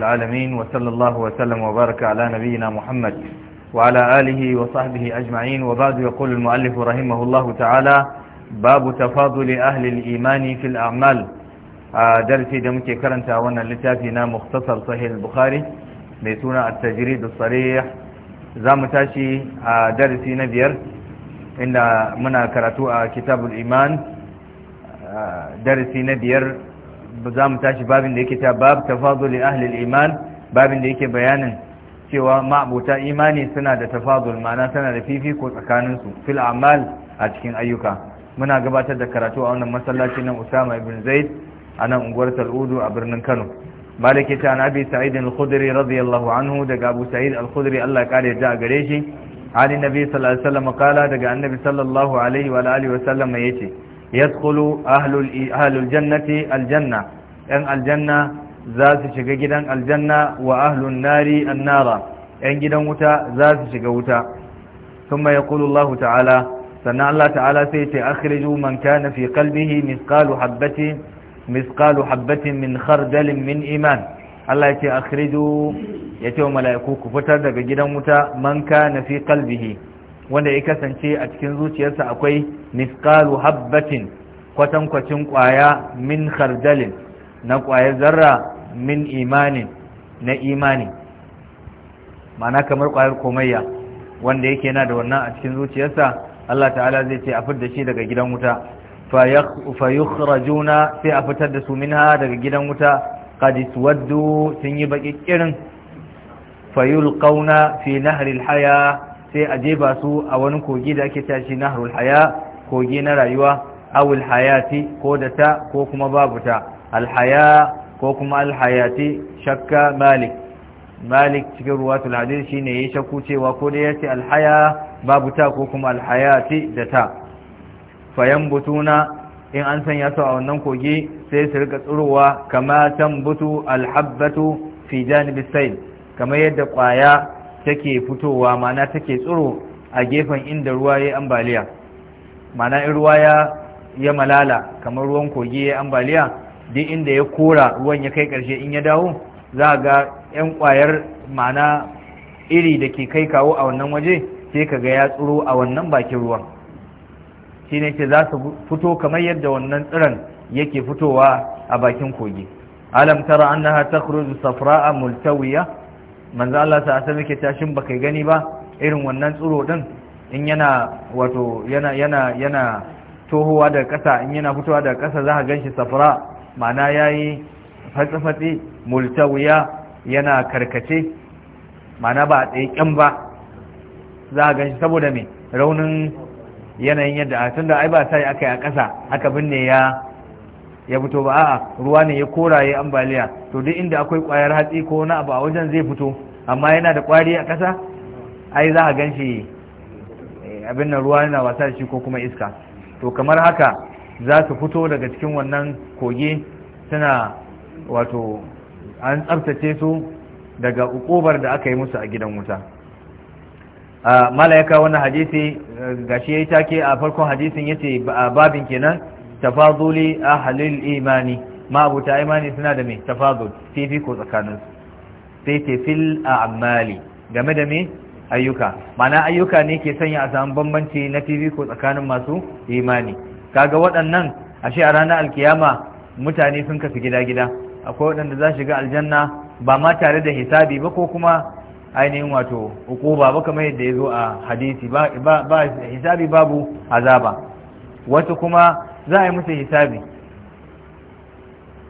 العالمين وصلى الله وسلم وبارك على نبينا محمد وعلى آله وصحبه أجمعين وبعد يقول المؤلف رحمه الله تعالى باب تفاضل أهل الإيمان في الأعمال درسي دمك كرنت وانا لتافينا مختصر صحيح البخاري ميتونا التجريد الصريح زامتاشي درسي نبير إن منا كرتوء كتاب الإيمان درسي نبير za mu tashi babin da yake ta bab tafadul ahli iman babin da yake bayanin cewa ma'abuta imani suna da tafadul ma'ana suna da fifiko tsakanin su fil a'mal a cikin ayyuka muna gabatar da karatu a wannan masallaci na Usama ibn Zaid a nan unguwar Tal'udu a birnin Kano malike ta an abi sa'id al-khudri radiyallahu anhu daga abu sa'id al-khudri Allah kare da gare shi ali nabi sallallahu alaihi wasallam kala daga annabi sallallahu alaihi wa alihi wasallam yace yadkhulu ahlul ahlul jannati al-janna yan aljanna za su shiga gidan aljanna wa ahlun nari annara yan gidan wuta za su shiga wuta thumma yaqulu Allah ta'ala sannan Allah ta'ala sai ce akhriju man kana fi kalbihi misqalu habatin min khardalin min iman Allah yace ya yace wa mala'iku ku fitar daga gidan wuta man kana fi kalbihi wanda ya kasance a cikin zuciyarsa akwai misqalu habatin kwatankwacin kwaya min khardalin na ƙwayar zarra min imanin na imani ma'ana kamar ƙwayar komayya wanda yake na da wannan a cikin zuciyarsa Allah ta'ala zai ce a fitar da shi daga gidan wuta fa yukhrajuna sai a fitar da su minha daga gidan wuta qad iswaddu sun yi baki kirin fa yulqauna fi nahri alhaya sai a jeba su a wani kogi da ake tashi nahrul haya kogi na rayuwa awul hayati ko da ta ko kuma babu ta alhaya ko kuma alhayati shakka malik malik cikin ruwatul hadith shine yayi shakku cewa ko da yace alhaya babu ta ko kuma alhayati da ta fayambutuna in an sanya su a wannan kogi sai su rika tsirowa kama tambutu alhabbatu fi janibis sayl kamar yadda kwaya take fitowa mana take tsiro a gefen inda ruwa yayi ambaliya mana in ruwa ya ya malala kamar ruwan kogi yayi ambaliya duk inda ya kora ruwan ya kai karshe in ya dawo za ga 'yan kwayar mana iri da ke kai kawo a wannan waje sai ka ga ya a wannan bakin ruwan shi ne ke za su fito kamar yadda wannan tsiran yake fitowa a bakin kogi alam hata annaha safra a multawiya manzo Allah ta asali ke tashin baka gani ba irin wannan tsiro din in yana wato yana tohowa daga ƙasa in yana fitowa daga kasa za ka shi safra ma'ana yayi yi multa multawiya yana karkace ma'ana ba a tsaye ba za a ganshi saboda mai raunin yanayin yadda a tun da ai ba sai aka yi a ƙasa aka binne ya ya fito ba a'a ruwa ne ya koraye ambaliya to duk inda akwai ƙwayar hatsi ko wani abu a wajen zai fito amma yana da ƙwari a ƙasa ai za a ganshi eh, abin nan ruwa yana wasa da shi ko kuma iska to kamar haka za su fito daga cikin wannan koge suna wato an tsabtace su daga ukubar da aka yi musu a gidan wuta malayaka wannan hadisi gashi yi take a farkon hadisin ya yace babin kenan a halil imani ma imani suna da me tafadul fifiko tsakaninsu sai ce fil a'mali game da mai ayyuka mana ayyuka ne ke sanya a samu bambanci na ko tsakanin masu imani kaga waɗannan ashe a ranar alkiyama mutane sun kasu gida-gida akwai waɗanda za shiga aljanna ba ma tare da hisabi ba ko kuma ainihin wato ukuba ba kamar yadda ya zo a hadisi ba hisabi babu azaba wasu kuma za a yi musu hisabi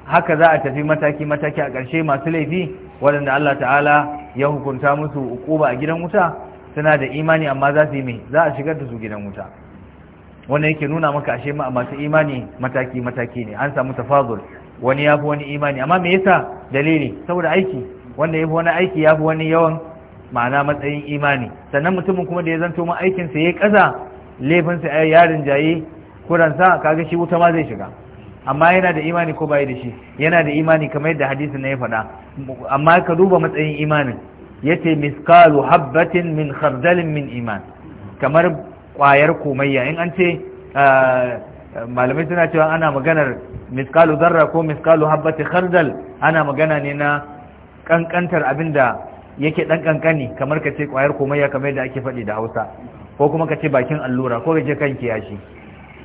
haka za a tafi mataki-mataki a ƙarshe masu laifi waɗanda Allah ta'ala ya hukunta musu ukuba a gidan wuta suna da imani amma za su yi mai za a shigar da su gidan wuta wannan yake nuna maka ashe ma masu imani mataki mataki ne an samu tafazul wani yafi wani imani amma me yasa dalili saboda aiki wanda yafi wani aiki yafi wani yawan ma'ana matsayin imani sannan mutumin kuma da ya zanto ma aikin sa yayi kaza laifin sa ai yarin jaye kuran sa kaga shi wuta ma zai shiga amma yana da imani ko bai da shi yana da imani kamar yadda hadisin na ya faɗa amma ka duba matsayin imanin yace miskalu habbatin min khardalin min iman kamar kwayar komayya in an ce ah, malamai suna cewa ana maganar miskalu zarra ko miskalu habbati khardal ana magana ne na kankantar abinda yake dan kankani kamar ka ce kwayar komayya kamar da ake faɗi da Hausa ko kuma ka ce bakin allura ko ka ce kan kiyashi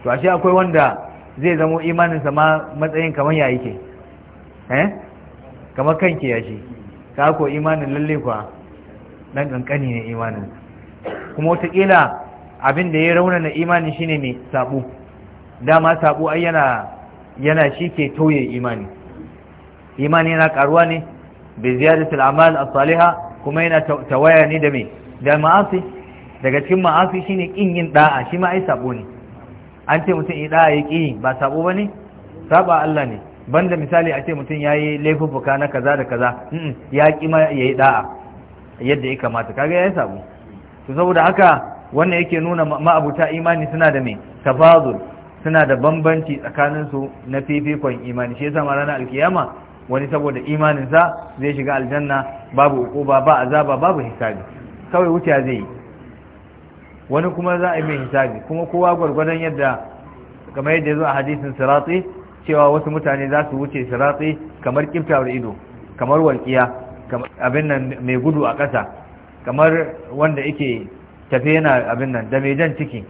to ashe akwai wanda zai zamo imaninsa ma matsayin kamar ya yake eh kamar kan kiyashi ka ko imanin lalle kwa dan kankani ne imanin kuma wataƙila abin da ya raunana imanin shine mai sabu dama sabu ai yana yana shi ke imani imani yana karuwa ne bi ziyadatul amal as-salihah kuma yana tawaya ne da me da ma'asi daga cikin ma'asi shine kin yin da'a shi ma ai sabu ne an ce mutum yi da'a ya ba sabo bane saba Allah ne banda misali a ce mutum yayi laifuffuka na kaza da kaza ya ki ma yayi da'a yadda ya kamata kaga yayi sabo to saboda haka wannan yake nuna ma'abuta imani suna da mai tafazul suna da bambanci tsakanin su na fifikon imani shi yasa ranar alkiyama wani saboda imanin sa zai shiga aljanna babu ukuba ba azaba babu hisabi kawai wuta zai yi wani kuma za a yi mai hisabi kuma kowa gwargwadon yadda kamar yadda ya zo a hadisin siratsi cewa wasu mutane za su wuce siratsi kamar kiftawar ido kamar walƙiya abin nan mai gudu a ƙasa kamar wanda yake tafi yana abin nan da mai jan ciki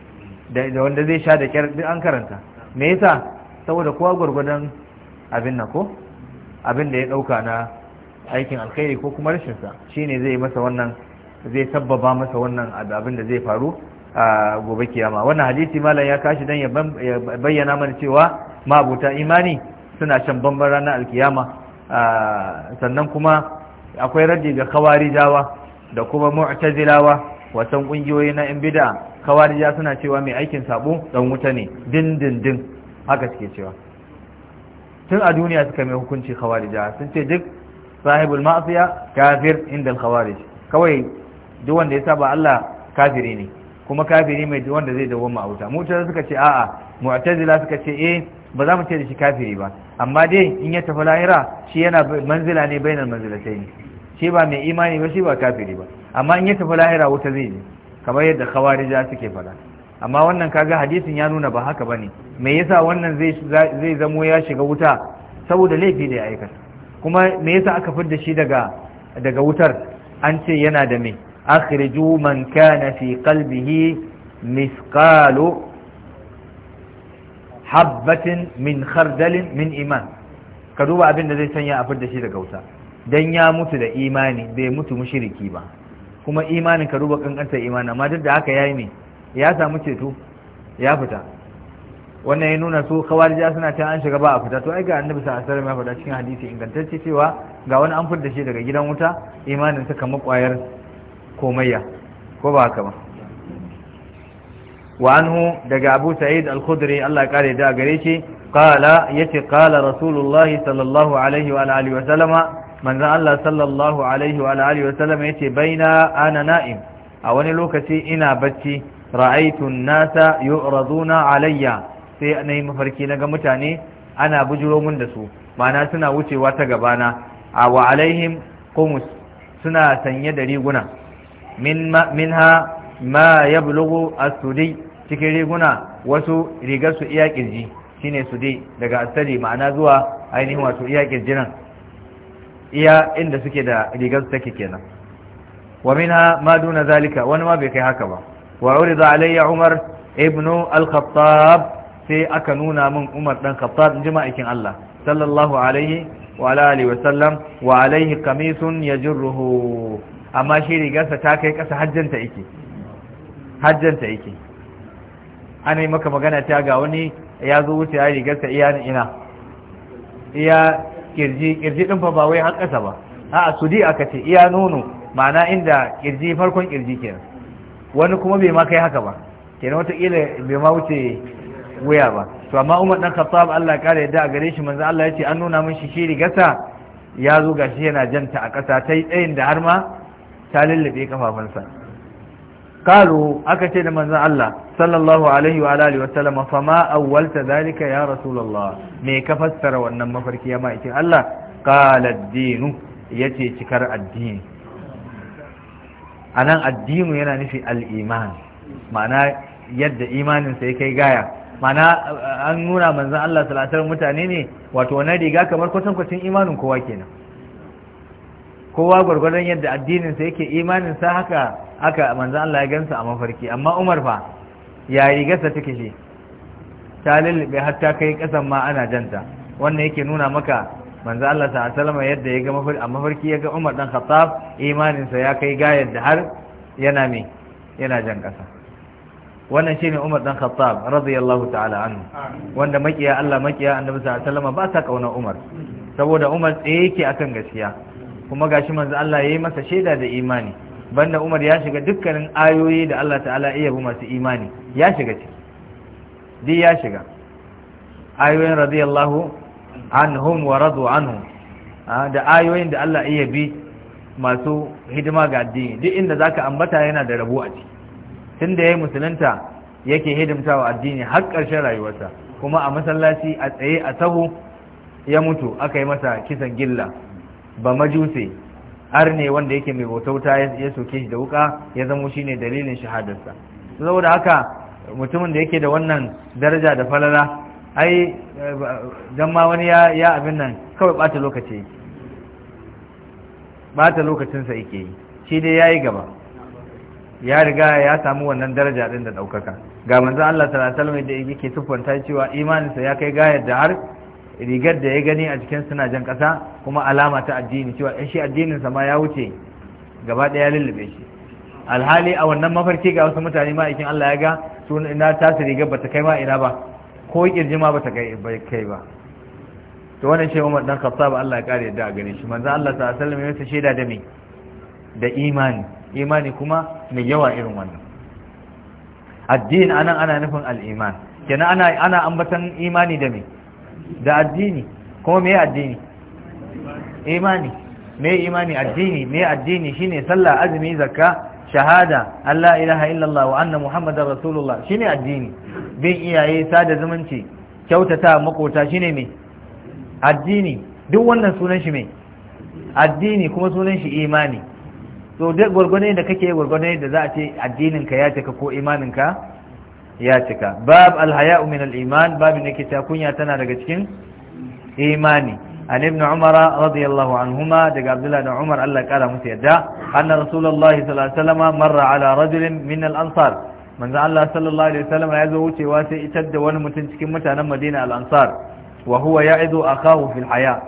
da wanda zai sha da kyar an karanta me yasa saboda kowa gwargwadon abin nan ko abin da ya dauka na aikin alkhairi ko kuma rashin sa shine zai masa wannan zai sabbaba masa wannan abin da zai faru a gobe kiyama wannan hadisi malam ya kashi dan ya bayyana mana cewa mabuta imani suna shan bamban ranar alkiyama sannan kuma akwai raddi ga kawarijawa da kuma mu'tazilawa wasan kungiyoyi na yan bid'a kawarija suna cewa mai aikin sabo dan wuta ne dindindin haka suke cewa tun a duniya suka mai hukunci kawarija sun ce duk sahibul ma'asiya kafir inda kawarij kawai duk wanda ya saba Allah kafiri ne kuma kafiri mai duk wanda zai dawo mu auta suka ce a'a mu'tazila suka ce eh ba za mu ce da shi kafiri ba amma dai in ya tafi lahira shi yana manzila ne bainal manzilatai shi ba mai imani ba shi ba kafiri ba amma in ya tafi lahira wuta zai je kamar yadda khawarija suke fada amma wannan kaga hadisin ya nuna ba haka bane me yasa wannan zai zai zamo ya shiga wuta saboda laifi da ya aikata kuma me yasa aka fidda shi daga daga wutar an ce yana da me akhriju man kana fi qalbihi misqalu habbatin min khardalin min iman ka duba abin da zai sanya a fidda shi daga wuta dan ya mutu da imani bai mutu mushriki ba kuma imanin ka ruba kankantar imani amma duk da haka yi ne ya samu ceto ya fita wannan ya nuna su kawarija suna can an shiga ba a fita to ai ga annabi sa alaihi wasallam ya cikin hadisi ingantacce cewa ga wani an furta shi daga gidan wuta imanin sa kamar kwayar komayya ko ba haka ba wa anhu daga Abu Sa'id Al-Khudri Allah ya kare da gare shi qala yace qala rasulullahi sallallahu alaihi wa alihi wa sallama manzan Allah sallallahu alaihi wa alihi wa sallam yace baina ana na'im a wani lokaci ina bacci ra'aytu an-nasa yu'raduna alayya sai nayi mafarki na ga mutane ana bujuro mun da su ma'ana suna wucewa ta gabana a wa alaihim qumus suna sanye da riguna min minha ma yablughu as-sudi cikin riguna wasu rigar su iya kirji shine sudi daga asali ma'ana zuwa ainihin wato iya kirjinan iya inda suke da rigar su take kenan wa minha ma duna zalika wani ma bai kai haka ba wa urida alayya umar ibnu al-khattab sai aka nuna min umar dan khattab inji Allah sallallahu alaihi wa ala alihi wa sallam wa alaihi qamisun yajruhu amma shi rigarsa ta kai kasa hajjanta yake hajjanta yake ana yi maka magana ta ga wani ya zo wuce ya rigarsa iya ina iya kirji kirji din fa ba wai har kasa ba a sudi aka ce iya nono ma'ana inda kirji farkon kirji kenan wani kuma bai ma kai haka ba kenan wataƙila bai ma wuce wuya ba to amma umar dan khattab Allah kare yadda a gare shi manzo Allah ya ce an nuna min shi shiri gasa ya zo gashi yana janta a ƙasa ta yi tsayin da har ma ta lullube kafafunsa قالوا aka ce da manzan Allah عليه وعلى اله وسلم فما اولت ذلك يا رسول الله ما wannan mafarki ya ma Allah قال الدين yace cikar addini anan addini yana nufi al-iman ma'ana yadda imanin sa yake gaya ma'ana an nuna manzon Allah sallallahu alaihi mutane ne wato na riga kamar kwatankwacin imanin kowa kenan kowa gwargwadon yadda addininsa yake imaninsa haka aka manzan Allah ya gansa a mafarki amma umar fa ya sa take shi ta har hatta kai kasan ma ana janta wannan yake nuna maka manzan Allah sa salama yadda ya ga mafarki a mafarki ya ga umar dan khattab imaninsa ya kai ga yadda har yana me yana jan kasa wannan shine umar dan khattab radiyallahu ta'ala anhu wanda makiya Allah makiya annabi alaihi salama ba sa kauna umar saboda umar tsaye yake akan gaskiya kuma gashi manzo Allah yayi masa shaida da imani banda Umar ya shiga dukkanin ayoyi da Allah ta'ala iya bu masu imani ya shiga ciki duk ya shiga ayoyin radiyallahu anhum wa radu anhum da ayoyin da Allah iya bi masu hidima ga addini duk inda zaka ambata yana da rabu a ciki tunda yayi musulunta yake hidimtawa addini har ƙarshen rayuwarsa kuma a masallaci a tsaye a sahu ya mutu aka yi masa kisan gilla ba majuse arne wanda yake mai bauta wuta ya soke shi da wuka ya zamo ne dalilin shahadarsa saboda haka mutumin da yake da wannan daraja da falala ai don ma wani ya abin nan kawai bata lokaci bata lokacinsa yake yi shi dai yayi gaba ya riga ya samu wannan daraja din da daukaka ga manzan Allah sallallahu alaihi wasallam da yake siffanta cewa imaninsa ya kai gayar da har rigar da ya gani a jikin suna jan ƙasa kuma alama ta addini cewa in shi addinin sa ma ya wuce gaba ɗaya lullube shi alhali a wannan mafarki ga wasu mutane ma ikin Allah ya ga su ina su rigar bata kai ma ina ba ko kirjima bata kai kai ba to wannan shi Umar dan Khattab Allah ya kare da gare shi manzo Allah sallallahu alaihi wasallam ya masa shaida da me da imani imani kuma mai yawa irin wannan addini anan ana nufin al-iman kenan ana ana ambatan imani da me da addini kuma me addini imani me imani addini me addini shine sallah azumi zakka shahada Allah ilaha illallah wa anna muhammadar rasulullah shine addini bin iyaye sada zumunci kyautata makota shine me addini duk wannan sunan shi me addini kuma sunan shi imani so duk gurgurne da kake gurgurne da za a ce addinin ka ya cika ko imanin ka ya cika bab alhaya'u min al-iman babu ne ke ta kunya tana daga cikin imani an ibn umara radiyallahu anhuma daga abdullahi da umar Allah ya kara musu yadda anna rasulullahi sallallahu alaihi wasallam marra ala rajulin min al-ansar manzo Allah sallallahu alaihi wasallam ya zo wucewa sai itar da wani mutum cikin mutanen Madina al-Ansar wa huwa ya'idu akahu fil haya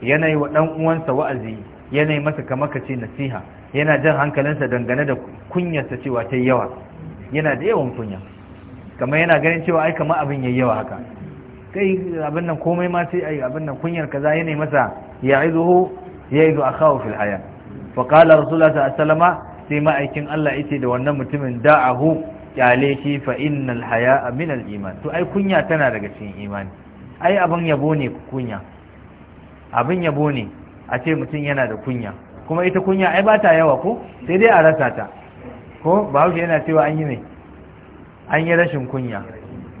yana wa dan uwansa wa'azi yana masa kamakace nasiha yana jan hankalinsa dangane da kunyarsa cewa ta yawa yana da yawan kunya kamar yana ganin cewa ai kamar abin yayi yawa haka kai abin nan komai ma sai ai abin nan kunyar kaza yana masa ya'izuhu ya'izu akhahu fil haya fa qala rasulullahi sallallahu alaihi wasallam sai ma'aikin Allah yace da wannan mutumin da'ahu kyale shi fa innal haya min al iman to ai kunya tana daga cikin imani ai abin yabo ne kunya abin yabo ne a ce mutum yana da kunya kuma ita kunya ai ba ta yawa ko sai dai a rasa ta ko bahaushe yana cewa an yi ne an yi rashin kunya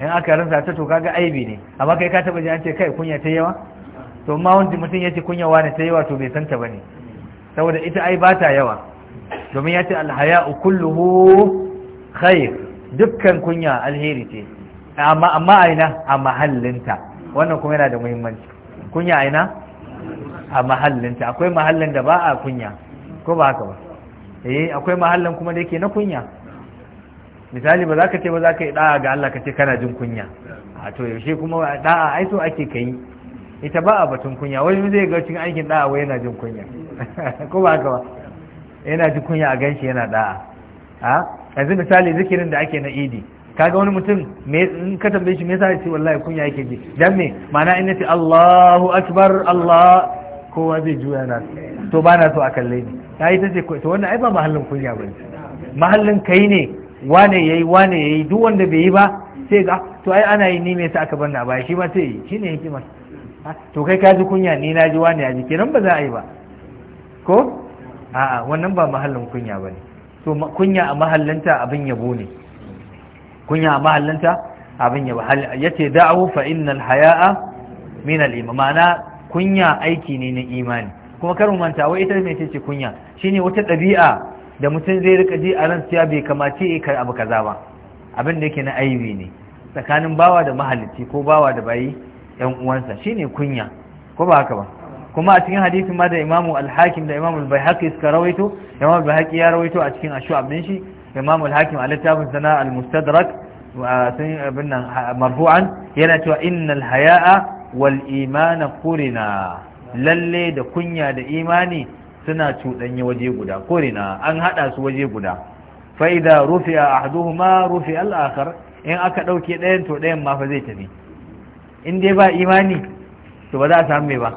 in aka rasa ta to kaga aibi ne amma kai ka taba ji an ce kai kunya ta yawa to ma wanda mutum ya ce kunya wani ta yawa to bai san ta bane saboda ita ai ba ta yawa domin ya ce alhaya kulluhu khair dukkan kunya alheri ce amma amma aina a mahallinta wannan kuma yana da muhimmanci kunya aina a mahallinta akwai mahallin da ba a kunya ko ba haka ba eh akwai mahallin kuma da yake na kunya misali ba za ka ce ba za ka yi da'a ga Allah ka ce kana jin kunya a to yaushe kuma da'a ai so ake kai ita ba a batun kunya wani zai ga cikin aikin da'a wai yana jin kunya ko ba ka ba yana jin kunya a ganshi yana da'a a yanzu misali zikirin da ake na idi kaga wani mutum me in ka tambaye shi me yasa ce wallahi kunya yake ji dan me ma'ana in ce Allahu akbar Allah kowa zai juya na to ba na so a kalle ni yi ta ce to wannan ai ba mahallin kunya bane mahallin kai ne wane yayi wane yayi duk wanda bai yi ba sai ga to ai ana yi ni me yasa aka banna ba shi ma sai yi shine hikimar to kai ka ji kunya ni na ji wane ya ji kenan ba za a yi ba ko a'a wannan ba mahallin kunya bane to kunya a mahallanta abin yabo ne kunya a mahallanta abin yabo yace da'u fa innal haya'a min al iman ma'ana kunya aiki ne na imani kuma karin manta wai ita mai ce kunya shine wata ɗabi'a da mutum zai rika ji a ran cewa bai kamace ya kai abu kaza ba abin da yake na aibi ne tsakanin bawa da mahalicci ko bawa da bayi yan uwansa shine kunya ko ba haka ba kuma a cikin hadisi ma da imamu al da imamu al suka rawaito imamu al ya rawaito a cikin ashu abin shi imamu al-hakim a littafin sana al-mustadrak sun abin nan marfu'an yana cewa innal haya'a wal imana qurina lalle da kunya da imani suna cuɗanya waje guda ko na an haɗa su waje guda fa'ida rufe a ahduhuma rufe al'akar in aka ɗauke ɗayan to ɗayan ma fa zai tafi in dai ba imani to ba za a samu mai ba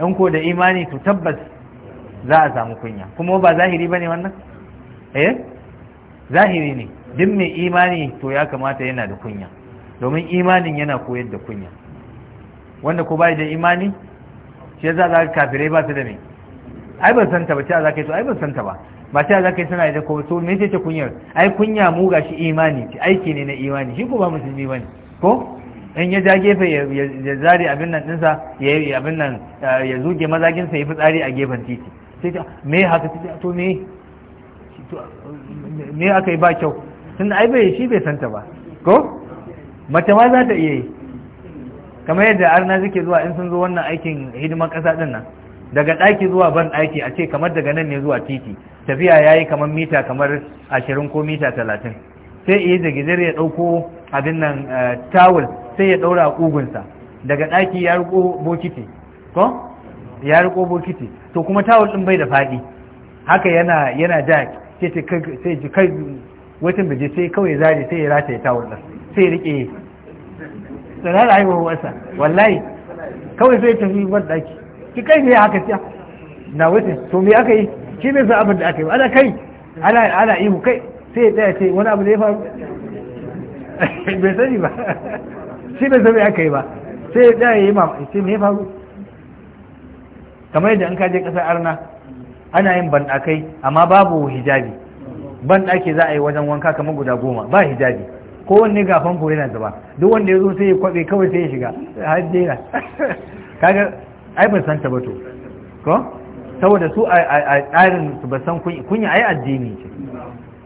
in ko da imani to tabbas za a samu kunya kuma ba zahiri ba ne wannan eh zahiri ne duk mai imani to ya kamata yana da kunya domin imanin yana koyar da kunya wanda ko bai da imani shi yasa za ka kafirai ba su da mai ai ban santa ba ta za ka yi to ai ban santa ba ba ta za ka yi tana ita ko to me ce kunyar ai kunya mu ga shi imani ce aiki ne na imani shi ko ba musulmi ne ko in ya ja gefe ya zare abin nan dinsa ya yi abin nan ya zuge mazaginsa ya tsari a gefen titi me haka to me me aka yi ba kyau tun ai bai shi bai santa ba ko mace ma za ta iya yi kamar yadda arna suke zuwa in sun zo wannan aikin hidimar ƙasa ɗin nan daga ɗaki zuwa ban ɗaki a ce kamar daga nan ne zuwa titi tafiya ya yi kamar mita kamar ashirin ko mita talatin sai iya zigizir ya ɗauko abin nan eh, tawul sai ya ɗaura a ƙugunsa daga ɗaki ya riko bokiti ko ya riko bokiti to kuma tawul ɗin bai da faɗi haka yana yana da sai ji kai watan bije sai kawai zare sai ya rataye tawul ɗin sai ya riƙe tsanar haihuwar wasa wallahi kawai sai tafi ban ɗaki ki kai ne aka ta na wuce to me aka yi shi ne sa abin da aka yi ana kai ana ana ihu kai sai ya tsaya ce wani abu da ya faru bai sani ba shi ne sai me aka yi ba sai ya tsaya ya yi mamaki ce me ya faru kamar yadda in ka je kasar arna ana yin banɗakai amma babu hijabi banɗaki za a yi wajen wanka kamar guda goma ba hijabi Ko wanne ga famfo yana zuba duk wanda ya zo sai ya kwabe kawai sai ya shiga har daina kaga ai ban san ta ba to ko saboda su a tsarin su ba san kunya ayi ai addini ce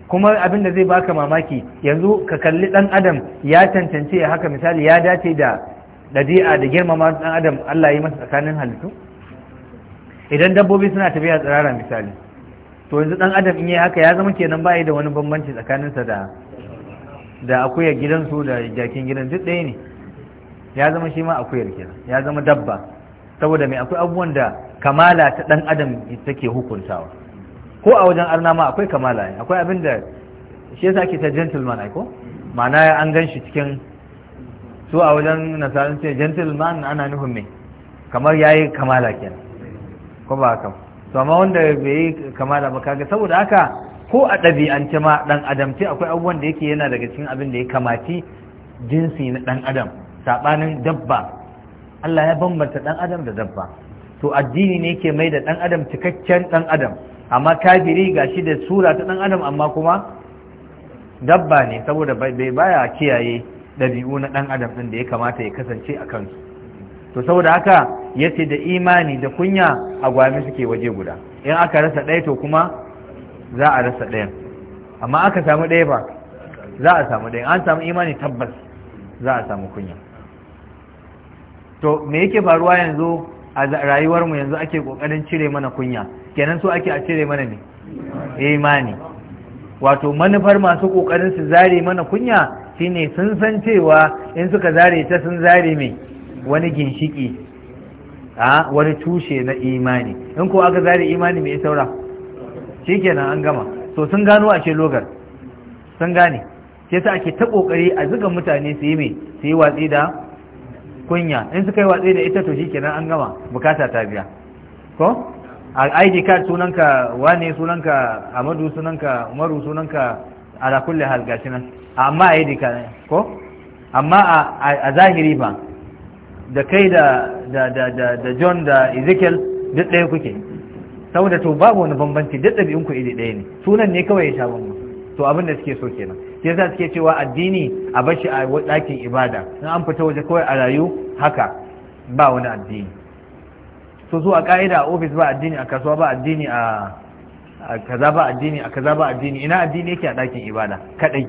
kuma abin da zai baka mamaki yanzu ka kalli dan adam ya tantance ya haka misali ya dace da dabi'a da girmama dan adam Allah yi masa tsakanin halittu idan dabbobi suna tafiya tsirara misali to yanzu dan adam in yi haka ya zama kenan ba da wani bambanci tsakaninsa da da akuya gidansu da jakin gidan duk ɗaya ne ya zama shi ma akuyar kenan ya zama dabba saboda mai akwai abubuwan da kamala ta dan adam take hukuntawa ko a wajen arna ma akwai kamala ne akwai abin da shi yasa ake ta gentleman aiko ma'ana an gan shi cikin su a wajen nasarar ce gentleman ana nufin mai kamar yayi kamala kenan ko ba haka to amma wanda bai yi kamala ba kaga saboda haka ko a ɗabi'ance ma ɗan adam ce akwai abubuwan da yake yana daga cikin abin da ya kamaci jinsi na ɗan adam saɓanin dabba Allah ya bambanta ɗan adam da dabba to addini ne ke mai da ɗan adam cikakken dan adam amma kafiri shi da sura ta ɗan adam amma kuma dabba ne saboda bai baya kiyaye ɗabi'u na ɗan'adam adam ɗin da ya kamata ya kasance a kansu to saboda haka ya ce da imani da kunya gwami suke waje guda in aka rasa ɗaya to kuma za a rasa ɗayan amma aka samu ɗaya ba za a samu ɗaya an samu imani tabbas za a samu kunya to me yake faruwa yanzu a rayuwar mu yanzu ake kokarin cire mana kunya kenan so ake a cire mana ne imani wato manufar masu kokarin su zare mana kunya shine sun san cewa in suka zare ta sun zare mai wani ginshiki a wani tushe na imani in ko aka zare imani mai saura shikenan an gama to sun gano a ce logar sun gane sai ta ake ta kokari a zuga mutane su yi mai su yi watsi da kunya in suka yi watsi da ita to shikenan an gama bukata ta biya ko a ID card sunanka wane sunanka Amadu sunanka Umaru sunanka ala kulli hal gashi nan amma ID card ko amma a zahiri ba da kai da da da da, da John da Ezekiel duk ɗaya kuke saboda to babu wani bambanci duk ɗabi'un ku iri ɗaya ne sunan ne kawai ya sha bambanci to abin da suke so kenan shi yasa suke cewa addini a bashi a ɗakin ibada in an fita waje kawai a rayu haka ba wani addini so su a ka'ida a ofis ba addini a kasuwa ba addini a kaza ba addini a kaza ba addini ina addini yake a ɗakin ibada kadai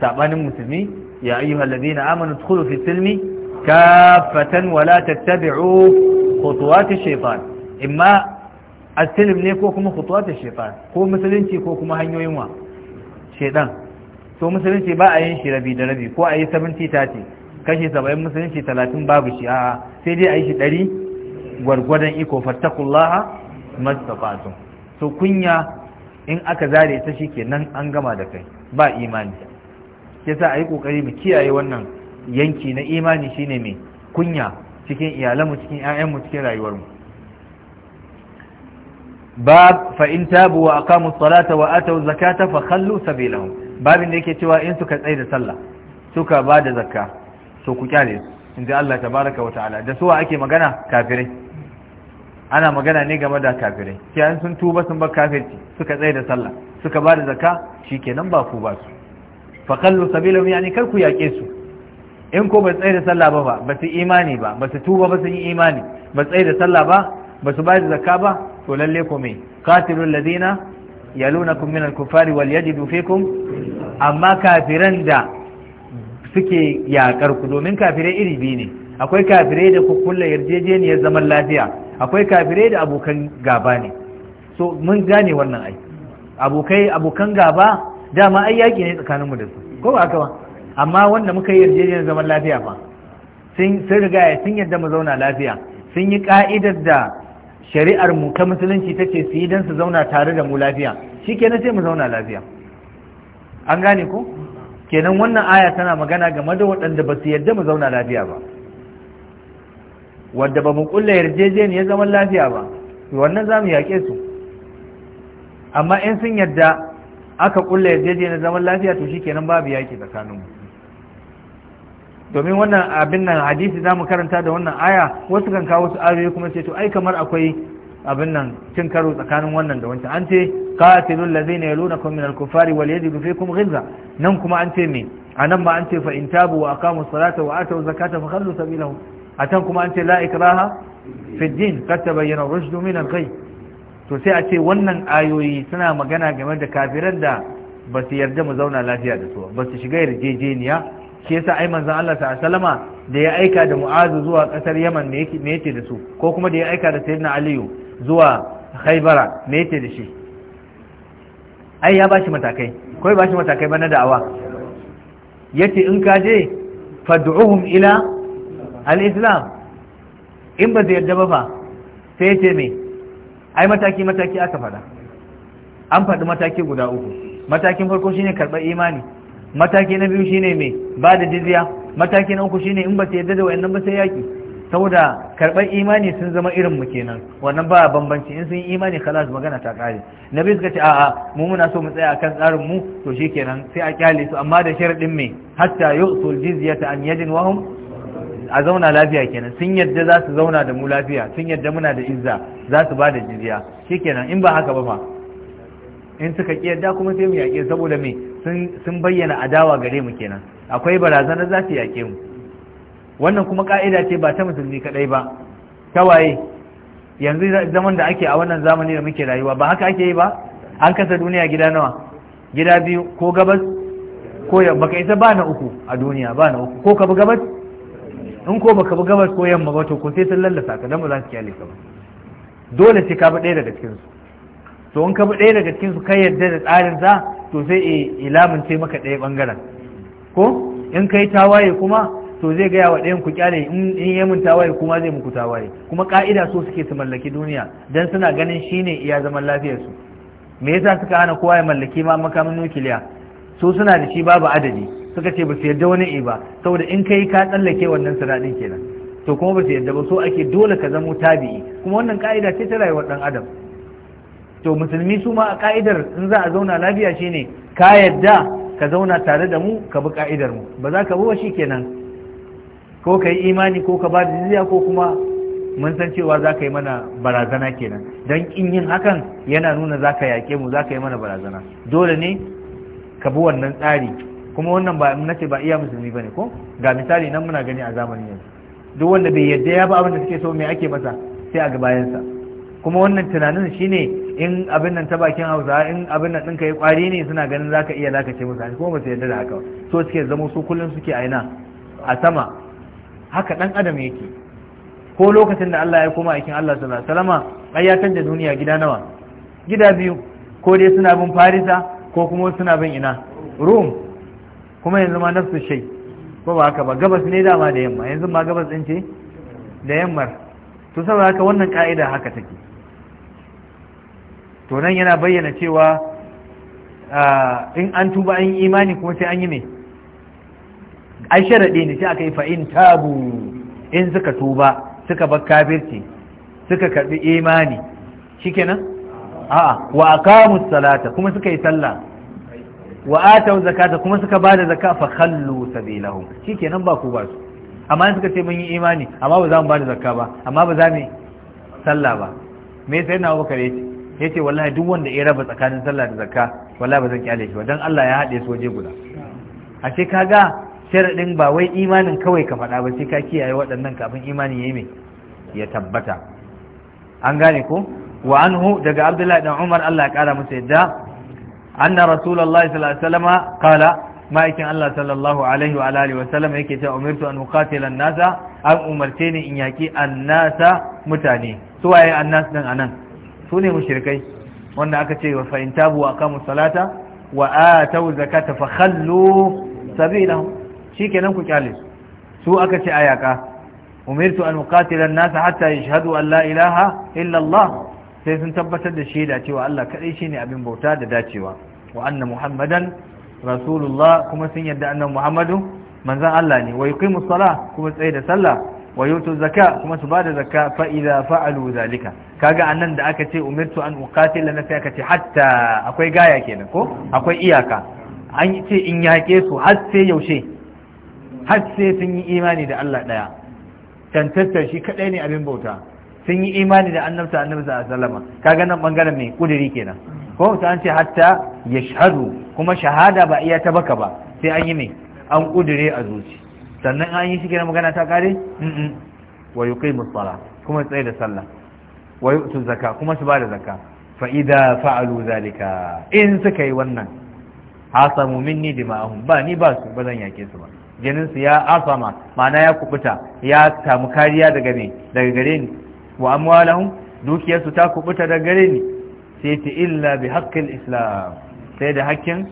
sabanin musulmi ya ayyuhal ladina amanu dkhulu fi silmi kafatan wa la tattabi'u khutuwati ash-shaytan imma as ne ko kuma khutuwat ash-shaytan ko musulunci ko kuma hanyoyin wa shedan to musulunci ba a yin shi rabi da rabi ko a yi 70 30 kashi 70 musulunci 30 babu shi a'a sai dai a yi shi 100 gwargwadon iko fattakullaha mastaqatu to kunya in aka zare ta shi ke nan an gama da kai ba imani sa a yi kokari mu kiyaye wannan yanki na imani shine mai kunya cikin iyalanmu cikin 'ya'yanmu cikin rayuwarmu bab fa in tabu wa aqamu salata wa atu zakata fa khallu sabilahum babin da yake cewa in suka tsaye da sallah suka ba da zakka to ku kyale su ji Allah tabaraka wa ta'ala da suwa ake magana kafirai ana magana ne game da kafirai kiyan sun tuba sun bar kafirci suka tsaye da sallah suka ba da zakka shikenan ba ku ba su fa khallu sabilahum yani kar ku yake su in ko ba tsaye da sallah ba ba su imani ba ba su tuba ba su yi imani ba tsaye da sallah ba ba su ba da zakka ba to lalle ku me katilul ladina yalunakum minal kufari wal yajidu fikum amma kafiran da suke yakar ku domin kafirai iri biyu ne akwai kafirai da ku kulla yarjejeniyar zaman lafiya akwai kafirai da abokan gaba ne so mun gane wannan ai abokai abokan gaba dama ai yaki ne tsakaninmu da su ko ba haka ba amma wanda muka yi yarjejeniyar zaman lafiya fa sun riga sun yadda mu zauna lafiya sun yi ka'idar da shari'ar mu ta musulunci ta ce su yi don su zauna tare da mu lafiya shi ke sai mu zauna lafiya an gane ko kenan wannan aya tana magana game da waɗanda ba su yarda mu zauna lafiya ba wadda ba mu yarjejeni yarjejeniyar zaman lafiya ba wannan za mu yaƙe su amma in sun yarda aka kulla yarjejeniyar zaman lafiya to shi kenan babu yaƙi tsakaninmu domin wannan abin nan hadisi za mu karanta da wannan aya wasu kan kawo su ayoyi kuma sai to ai kamar akwai abin nan cin karo tsakanin wannan da wancan an ce qatilul ladzina yalunakum minal kufari wal yajidu fikum ghilza nan kuma an ce me anan ma an ce fa in tabu wa aqamu salata wa atu zakata fa khallu sabilahum atan kuma an ce la ikraha fi din qad tabayyana ar-rushd min al-ghayb to sai a ce wannan ayoyi suna magana game da kafiran da ba su yarda mu zauna lafiya da su ba su shiga yarjejeniya shi yasa ai manzon Allah ta sallama da ya aika da mu'azu zuwa kasar yaman me yake me yake da su ko kuma da ya aika da sayyidina aliyu zuwa khaybara me yake da shi ai ya bashi matakai ko bashi matakai ba na da'awa yace in ka je fad'uhum ila al-islam in ba zai yarda ba fa sai yace me ai mataki mataki aka faɗa an faɗi mataki guda uku matakin farko shine karɓar imani mataki na biyu shine mai ba da jizya mataki na uku shine in ba ta yadda da wayannan ba sai yaki saboda karɓar imani sun zama irin mu kenan wannan ba bambanci in sun yi imani kalas magana ta kare nabi suka ce a'a mu muna so mu tsaya akan tsarin mu to shikenan sai a kyale su amma da sharadin me hatta yu'tul jizyata an yadin wahum a zauna lafiya kenan sun yadda za su zauna da mu lafiya sun yadda muna da izza za su ba da jizya shikenan in ba haka ba fa in suka kiyar yadda kuma sai mu yaƙi saboda me sun bayyana adawa gare mu kenan akwai barazanar za su yake mu wannan kuma ka'ida ce ba ta musulmi kadai ba ta waye yanzu zaman da ake a wannan zamani da muke rayuwa ba haka ake yi ba an kasa duniya gida nawa gida biyu ko gabas ko baka ka isa ba na uku a duniya ba na uku ko ka bi gabas in ko baka bi gabas ko yamma ba to ko sai sun lallasa ka dan ba za su kiyale ka ba dole sai ka bi ɗaya daga cikin su to in ka bi ɗaya daga cikin su kai yadda da tsarin za to sai ilamince maka ɗaya ɓangaren ko in kai tawaye kuma to zai gaya wa ɗayan ku kyale in yi mun tawaye kuma zai muku tawaye kuma ka'ida so suke su mallaki duniya don suna ganin shine iya zaman lafiyarsu me yasa suka hana kowa ya mallaki ma makamin nukiliya su suna da shi babu adadi suka ce ba su yadda wani ba saboda in kai ka tsallake wannan sinadin kenan to kuma ba su yadda ba so ake dole ka zamo tabi'i kuma wannan ƙa'ida ce ta rayuwar ɗan adam to musulmi su ma a ka'idar in za a zauna lafiya ne ka yadda ka zauna tare da mu ka bi ka'idar mu ba za ka bi shi kenan ko ka yi imani ko ka ba da jizya ko kuma mun san cewa za ka yi mana barazana kenan don in yin hakan yana nuna za ka yaƙe mu za ka yi mana barazana dole ne ka bi wannan tsari kuma wannan ba na ce ba iya musulmi ba ne ko ga misali nan muna gani a zamanin yanzu duk wanda bai yadda ya ba abin da suke so me ake masa sai a ga bayansa kuma wannan tunanin shine in abin nan ta bakin hausa in abin nan ɗinka ya kwari ne suna ganin zaka iya zaka ce musu kuma ba su yarda da haka so suke zamo su kullum suke aina a sama haka ɗan adam yake ko lokacin da Allah ya koma aikin Allah sallallahu alaihi salama ai ya canja duniya gida nawa gida biyu ko dai suna bin Farisa ko kuma suna bin ina Rum kuma yanzu ma nafsu shai ko ba haka ba gabas ne dama da yamma yanzu ma gabas din ce da yammar to saboda haka wannan ka'ida haka take to nan yana bayyana cewa in an tuba an yi imani kuma sai an yi ne ai sharaɗi ne sai aka yi fa'in tabu in suka tuba suka bar kafirci suka karbi imani shikenan a'a wa aqamu salata kuma suka yi sallah wa atau zakata kuma suka bada zakka fa khallu sabilahum shikenan ba ku ba su amma in suka ce mun yi imani amma ba za mu ba da zakka ba amma ba za mu sallah ba me sai na Abubakar yace yace wallahi duk wanda ya raba tsakanin sallah da zakka wallahi ba zan kyale shi ba dan Allah ya hade su waje guda a ce kaga sharadin ba wai imanin kawai ka faɗa ba sai ka kiyaye waɗannan kafin imani yayi me ya tabbata an gane ko wa anhu daga Abdullahi dan Umar Allah ya kara masa yadda anna rasulullahi sallallahu alaihi wasallama qala ma'aikin Allah sallallahu alaihi wa alihi yake cewa umirtu an uqatila an-nasa an umarce ni in yaki an-nasa mutane su waye an-nas din anan su ne mushrikai wanda aka ce wa fa tabu wa aqamu salata wa atu zakata fa khallu sabilahum shikenan ku kyale su aka ce ayaka umirtu an uqatila an-nasa hatta yashhadu an la ilaha illa Allah sai sun tabbatar da shaida cewa Allah kadai shine abin bauta da dacewa wa anna muhammadan rasulullah kuma sun yarda annabi muhammadu manzan Allah ne wai yuqimu salah kuma tsaye da sallah wai yutu zakka kuma su bada zakka fa idza fa'alu zalika kaga annan da aka ce umirtu an uqatila na sai aka ce hatta akwai gaya kenan ko akwai iyaka an ce in yake su har sai yaushe har sai sun yi imani da Allah daya tantattar shi kadai ne abin bauta sun yi imani da annabta annabta sallama kaga nan bangaren mai kudiri kenan ko ta an ce hatta ya shahadu kuma shahada ba iya ta baka ba sai an yi mai an kudure a zuci sannan an yi shi kira magana ta kare wa kai musala kuma tsaye da sallah wa yu'tu zaka kuma su ba da zaka fa'ida fa'alu zalika in suka yi wannan hasamu minni dima'ahum ba ni ba su ba zan yake su ba jinin su ya asama ma'ana ya kubuta ya samu kariya daga ne daga gare ni wa amwalahum dukiyarsu ta kubuta daga gare ni sai ta illa bi haƙƙin islam sai da haƙƙin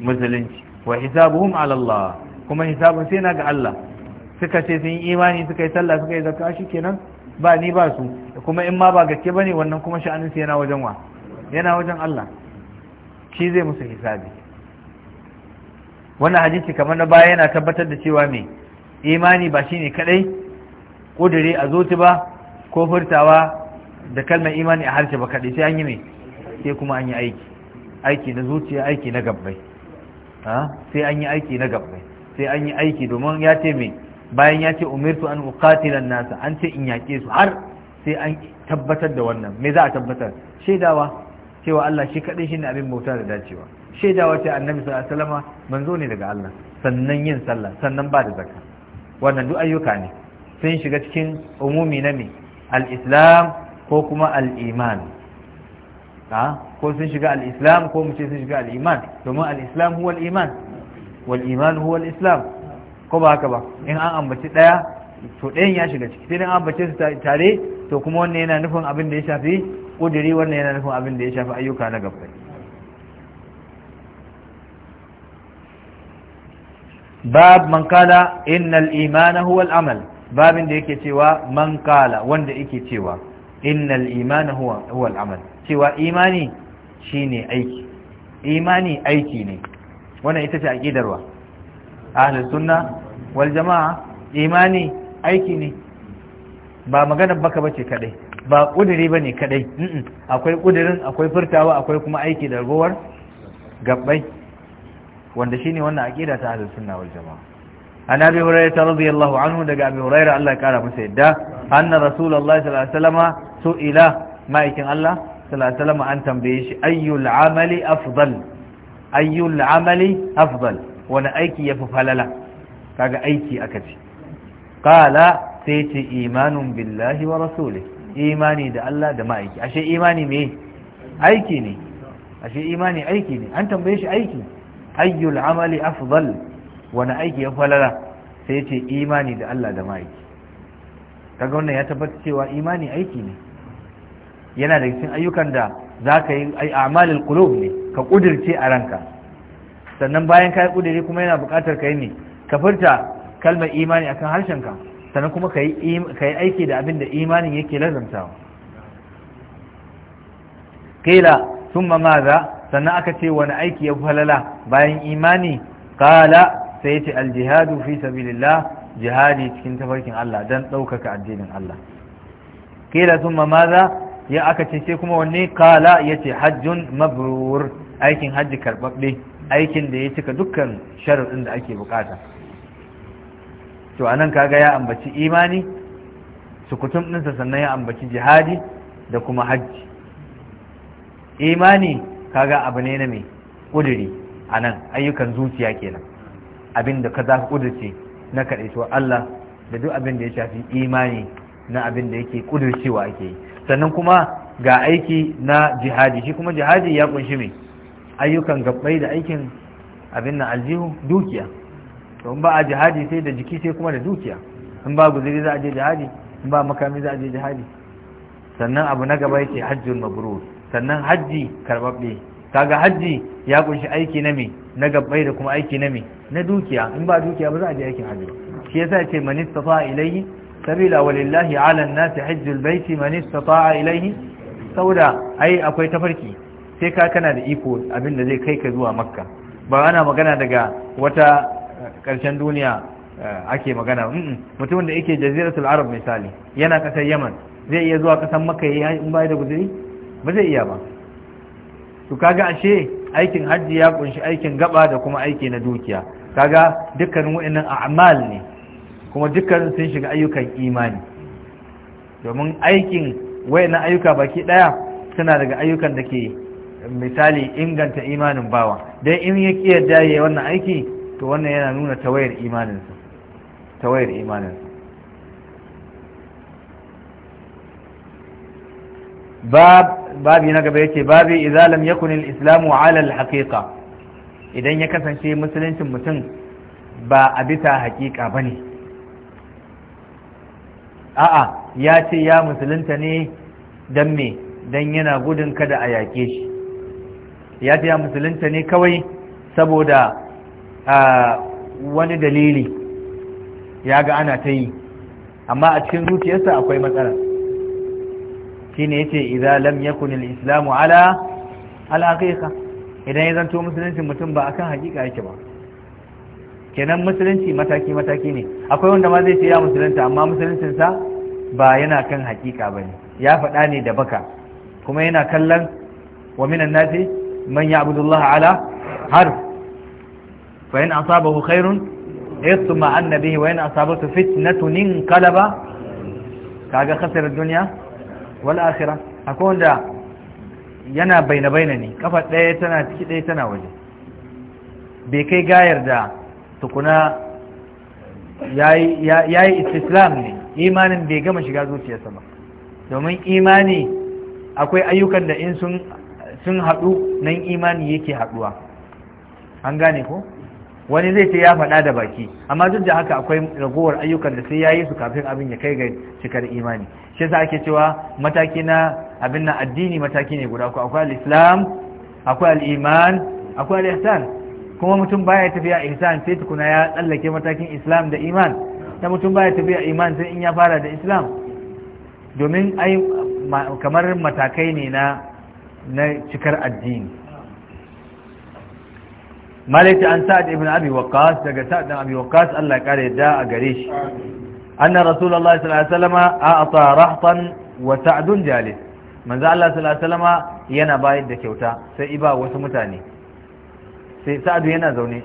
musulunci wa hisabuhum ala Allah kuma hisabun sai na ga Allah suka ce sun yi imani suka yi sallah suka yi zakka shikenan ba ni ba su kuma in ma ba gaske bane wannan kuma sha'anin sai yana wajen wa yana wajen Allah shi zai musu hisabi wannan hadisi kamar na baya yana tabbatar da cewa me imani ba shine kadai kudure a zuci ba ko furtawa da kalmar imani a harshe ba kaɗai sai an yi mai sai kuma an yi aiki aiki na zuciya aiki na gabbai sai an yi aiki na gabbai sai an yi aiki domin ya ce mai bayan ya ce umirtu an uqatilan nasa an ce in yaƙe su har sai an tabbatar da wannan me za a tabbatar shaidawa cewa Allah shi kaɗai shine abin bauta da dacewa shaidawa ce annabi sallallahu alaihi wasallama manzo ne daga Allah sannan yin sallah sannan ba da zakka wannan duk ayyuka ne sun shiga cikin umumi na me al-islam ko kuma al'iman ko sun shiga al'islam ko mu ce sun shiga al'iman domin al'islam huwa al'iman wal'iman huwa al'islam ko ba haka ba in an ambaci ɗaya to ɗayan ya shiga ciki sai an ambace su tare to kuma wannan yana nufin abin da ya shafi ƙudiri wannan yana nufin abin da ya shafi ayyuka na gabbai bab man kala innal imana huwa al'amal babin da yake cewa man kala wanda yake cewa innal iman huwa huwa al'amal cewa imani shine aiki imani aiki ne wannan ita ce aqidarwa ahlus sunna wal jamaa imani aiki ne ba maganar baka bace kadai ba kudiri bane kadai akwai kudirin akwai furtawa akwai kuma aiki da ragowar gabbai wanda shine wannan aqida ta ahlus sunna wal jamaa an abi hurairah radiyallahu anhu daga abi hurairah Allah ya kara masa yadda anna rasulullahi sallallahu alaihi wasallama su ila ma'aikin Allah sallallahu an tambaye shi ayyul amali afdal ayyul amali afdal wani aiki ya yafi falala kaga aiki aka ce qala sai ce imanun billahi wa rasulih imani da Allah da ma'aiki ashe imani me aiki ne ashe imani aiki ne an tambaye shi aiki ayyul amali afdal wani aiki ya falala sai ce imani da Allah da ma'aiki kaga wannan ya tabbata cewa imani aiki ne yana da cikin ayyukan da za ka yi a amalin kulub ne ka kudirce a ranka sannan bayan ka yi kudiri kuma yana buƙatar ka yi ne ka furta kalmar imani akan harshenka sannan kuma ka yi aiki da abin da imanin yake lazamtawa kila sun maza sannan aka ce wani aiki ya falala bayan imani kala sai ce aljihadu fi sabilillah jihadi cikin tafarkin Allah don ɗaukaka addinin Allah kila sun maza ya aka ce sai kuma wanne kala ya ce hajjun mabrur aikin hajji karɓaɓɓe aikin da ya cika dukkan sharaɗin da ake bukata to anan kaga ya ambaci imani sukutum ɗinsa sannan ya ambaci jihadi da kuma hajji imani kaga abu ne na mai ƙuduri a nan ayyukan zuciya kenan abin da ka za ka ƙudurce na kaɗaituwar Allah da duk abin da ya shafi imani na abin da yake ƙudurcewa ake yi sannan kuma ga aiki na jihadi shi kuma jihadi ya kunshi mai ayyukan gabbai da aikin abin na aljihu dukiya in ba a jihadi sai da jiki sai kuma da dukiya in ba guziri za a je jihadi in ba makami za a je jihadi sannan abu na gaba yake hajjul mabrur sannan hajji karbabbe kaga hajji ya kunshi aiki na mai, na gabbai da kuma aiki na mai. na dukiya in ba dukiya ba za a je aikin hajji shi yasa ce manista fa ilayhi sabila walillahi ala nasi hajjul baiti man istata'a ilayhi sauda ai akwai tafarki sai ka kana da iko abin da zai kai ka zuwa makka ba ana magana daga wata karshen eh, duniya eh, ake magana mutumin da yake jaziratul arab misali yana kasar yaman zai iya zuwa kasar makka ya yi in bai da guduri ba zai iya ba to kaga ashe aikin hajji ya kunshi aikin gaba da kuma aiki na dukiya kaga dukkanin wa'annan a'mal ne kuma dukkan sun shiga ayyukan imani domin aikin na ayyuka baki daya suna daga ayyukan da ke misali inganta imanin bawa dan in ya yadda yayi wannan aiki to wannan yana nuna tawayar imaninsa tawayar imaninsa babi na gaba yake babi idza lam yakun islamu ala al-haqiqa idan ya kasance musuluncin mutum ba a bisa haƙiƙa bane a'a ya ce ya musulunta ne don me don yana gudun kada a yake shi ya ce ya musulunta ne kawai saboda wani dalili ya ga ana ta yi amma a cikin zuciyarsa akwai matsala shi ne ya ce iza lam yakunil islamu ala al'aƙiƙa idan ya zanto musulunci mutum ba akan haƙiƙa yake ba kenan musulunci mataki mataki ne akwai wanda ma zai ce ya musulunta amma musuluncinsa ba yana kan hakika ba ne ya faɗa ne da baka kuma yana kallon wa minan nasi man ya'budullaha ala har fa in asabahu khairun yatma annabihi wa na asabatu fitnatun inqalaba kaga khasara duniya wal akhira akwai wanda yana baina baina ne kafa ɗaya tana ciki ɗaya tana waje bai kai gayar da tukuna ya yi islam ne imanin bai gama shiga zuciyarsa ba domin imani akwai ayyukan da in sun haɗu nan imani yake haɗuwa an gane ko wani zai ce ya faɗa da baki amma duk da haka akwai ragowar ayyukan da sai ya yi su kafin abin ya kai ga cikar imani shi yasa ake cewa mataki na abin na addini mataki ne guda akwai al-islam akwai al akwai al kuma mutum baya tafiya ihsan sai tukuna ya tsallake matakin islam da iman ta mutum baya tafiya iman sai in ya fara da islam domin ai kamar matakai ne na na cikar addini malaita an sa'ad ibn abi waqqas daga sa'ad ibn abi waqqas Allah ya kare a gare shi anna rasulullahi sallallahu alaihi wasallam a'ata rahtan wa sa'dun jalis manzo Allah sallallahu yana bayar da kyauta sai ba wasu mutane sai sa'adu yana zaune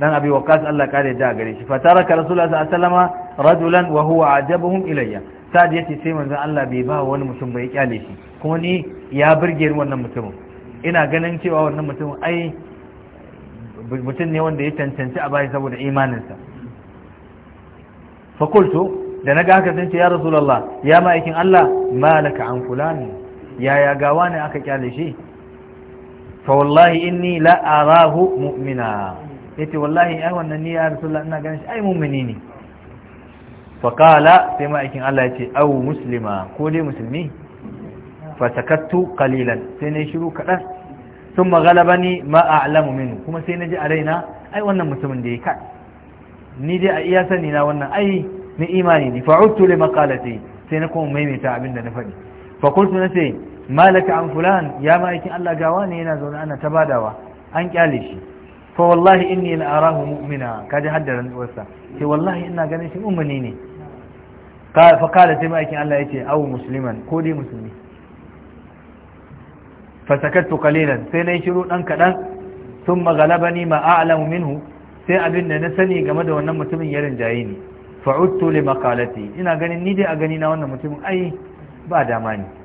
dan abi waqas Allah kare da gare shi fataraka rasulullah sallallahu alaihi wasallam rajulan wa huwa ajabuhum ilayya sa'ad yace sai manzon Allah bai ba wani mutum bai kyale shi kuma ni ya burge ni wannan mutumin ina ganin cewa wannan mutumin ai mutum ne wanda ya cancanci a bai saboda imanin imaninsa fakultu da naga haka sun ce ya rasulullah ya ma'aikin Allah malaka an fulani yaya gawa ne aka kyale shi fa wallahi inni la arahu mu'mina yace wallahi ai wannan ni ya rasulullah ina ganin shi ai mu'mini ne fa qala sai ma aikin Allah yace au muslima ko dai musulmi fa sakattu qalilan sai ne shiru kadan thumma ghalabani ma a a'lamu minhu kuma sai na naji a raina ai wannan mutumin da yake ni dai a iya sani na wannan ai ni imani ne fa'udtu li maqalati sai na kuma maimaita abinda na faɗi fa qultu nace malaka an fulan ya ma'aikin Allah gawa ne yana zaune ana ta badawa an kyale shi fa wallahi inni la arahu mu'mina kaji haddaran uwarsa ce wallahi ina ganin shi mu'mini ne fa kala sai ma'aikin Allah yace au musliman ko dai musulmi fa sakattu qalilan sai nayi shiru dan kadan thumma ghalabani ma a'lamu minhu sai abin da na sani game da wannan mutumin yarin ja ni fa'udtu li maqalati ina ganin ni dai a gani na wannan mutumin ai ba dama ne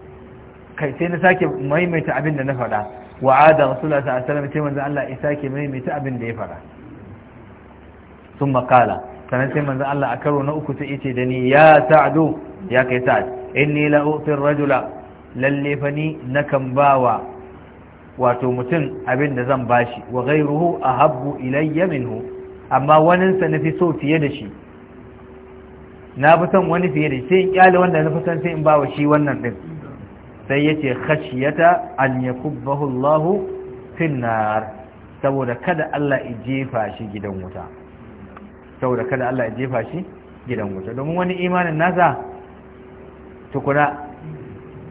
kai sai na sake maimaita abin da na faɗa wa ada rasulullah sallallahu alaihi wasallam manzo Allah ya sake maimaita abin da ya faɗa sun makala sannan sai manzo Allah a karo na uku sai yace da ni ya sa'du ya kai sa'd inni la utir rajula lalle fa ni kan bawa wato mutum abin da zan bashi wa ghayruhu ahabbu ilayya minhu amma wani sa nafi so fiye da shi na fi son wani fiye da shi sai in kyale wanda na fi son sai in bawa shi wannan din sai yace khashiyata an yakubbahu Allahu finnar saboda kada Allah ya jefa shi gidan wuta saboda kada Allah ya jefa shi gidan wuta domin wani imanin nasa tukuna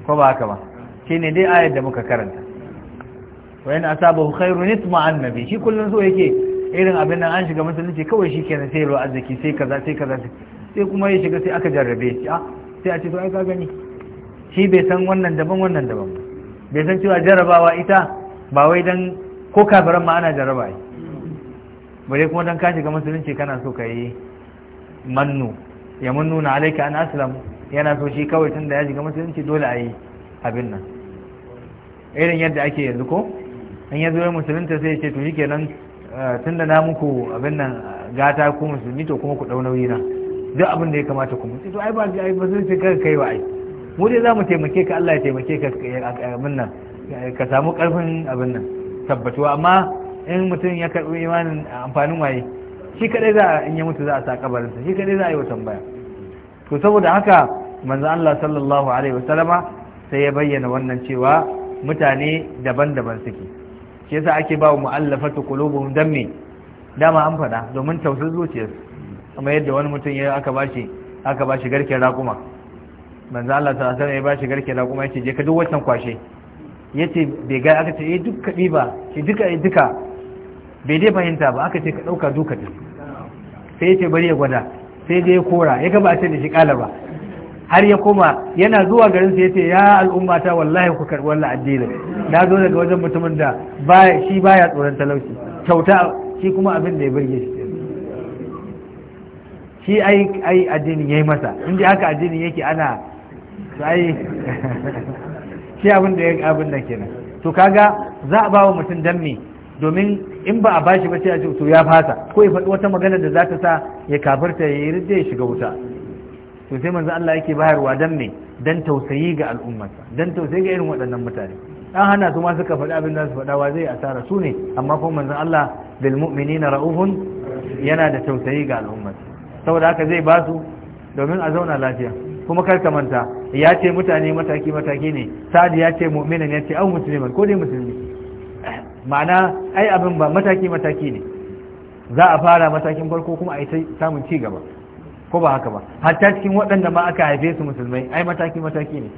ko ba haka ba shine dai ayar da muka karanta wa yana asabahu khairun an annabi shi kullun so yake irin abin nan an shiga musulunci kawai shikenan sai ruwa arziki sai kaza sai kaza sai kuma ya shiga sai aka jarrabe shi a ah, sai a ce to ai ka gani shi bai san wannan daban wannan daban bai san cewa jarabawa ita ba wai dan ko kafiran ma ana jaraba yi dai kuma dan ka shiga musulunci kana so ka yi mannu ya mannu na alaika an aslam yana so shi kawai tun da ya shiga musulunci dole a yi abin nan irin yadda ake yanzu ko in ya zo ya musulunta sai ya ce to shi kenan eh, tun da na muku abin nan eh, gata ku musulmi to kuma ku ɗau nauyi na duk abin da ya kamata ku mutu to ai ba ai ba sai kai wa ai mu dai za mu taimake ka Allah ya taimake ka abin nan ka samu karfin abin nan tabbatuwa amma in mutum ya karbi imanin amfanin waye shi kadai za a in ya mutu za a sa kabarinsa shi kadai za a yi wa tambaya to saboda haka manzo Allah sallallahu alaihi wasallama sai ya bayyana wannan cewa mutane daban-daban suke shi yasa ake ba mu'allafatu qulubuhum dan mai dama an faɗa domin tausayin zuciyarsu kuma yadda wani mutum ya aka bashi aka bashi garken raƙuma manzo Allah sallallahu alaihi ba ya bashi garke da kuma yace je ka duk wancan kwashe yace bai ga aka ce eh duk kadi ba shi duka eh duka bai dai fahimta ba aka ce ka dauka duka din sai yace bari ya gwada sai dai ya kora ya ga ba a ce da shi kala ba har ya koma yana zuwa garin sai yace ya al'ummata wallahi ku karbi wannan addinin na zo daga wajen mutumin da ba shi baya tsoron talauci kyauta shi kuma abin da ya burge shi shi ai ai addinin yayi masa inda haka addinin yake ana sai shi abin da ya abin nan kenan to kaga za a bawa mutum danne domin in ba a bashi ba sai a ce to ya fasa ko ya faɗi wata magana da za ta sa ya kafirta ya yi ya shiga wuta to sai manzo Allah yake bayarwa dan me dan tausayi ga al'ummarsa dan tausayi ga irin waɗannan mutane an hana su ma suka faɗi abin da su faɗa wa zai asara su ne amma kuma manzo Allah bil mu'minina ra'ufun yana da tausayi ga al'umma saboda haka zai ba su domin a zauna lafiya kuma kar ka manta ya ce mutane mataki mataki ne sa'ad ya ce mu'minan ya ce au musulman ko dai musulmi ma'ana ai abin ba mataki mataki ne za a fara matakin farko kuma a yi samun ci gaba ko ba haka ba hatta cikin waɗanda ma aka haife su musulmai ai mataki mataki ne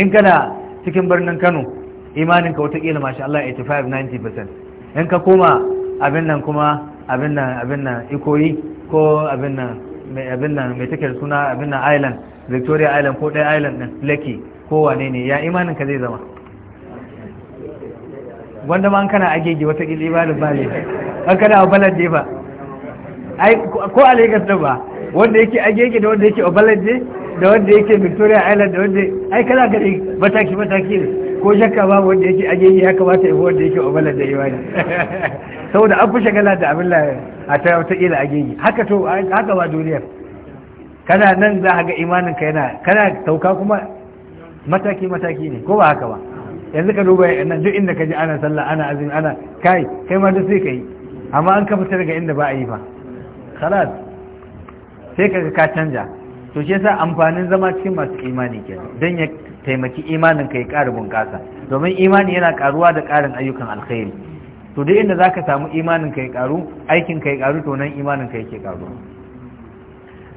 in kana cikin birnin Kano imanin ka wataƙila masha Allah 85-90% in ka koma abin nan kuma abin nan abin nan ikoyi ko abin nan mai abin nan mai take suna abin nan island victoria island ko ɗaya island ɗin lake ko wane ne ya imanin ka zai zama wanda ma kana agege wata kili ba da ba an kana a balade ba ai ko a lagos din ba wanda yake agege da wanda yake a balade da wanda yake victoria island da wanda ai kana gari mataki mataki ne ko shakka ba wanda yake agege ya kamata ya wanda yake a balade ya wani saboda an fi shagala da abin lafiya a ta wata ila agege haka to haka ba duniyar kana nan za a ga imanin ka yana kana sauka kuma mataki mataki ne ko ba haka ba yanzu ka duba nan duk inda ka ji ana sallah ana azumi ana kai kai ma duk sai ka yi amma an ka fita daga inda ba a yi ba khalas sai ka ka canja to shi yasa amfanin zama cikin masu imani ke dan ya taimaki imanin ka ya ƙara bunƙasa domin imani yana ƙaruwa da ƙarin ayyukan alkhairi to duk inda zaka samu imanin ka ya karu aikin ka ya karu to nan imanin ka yake karu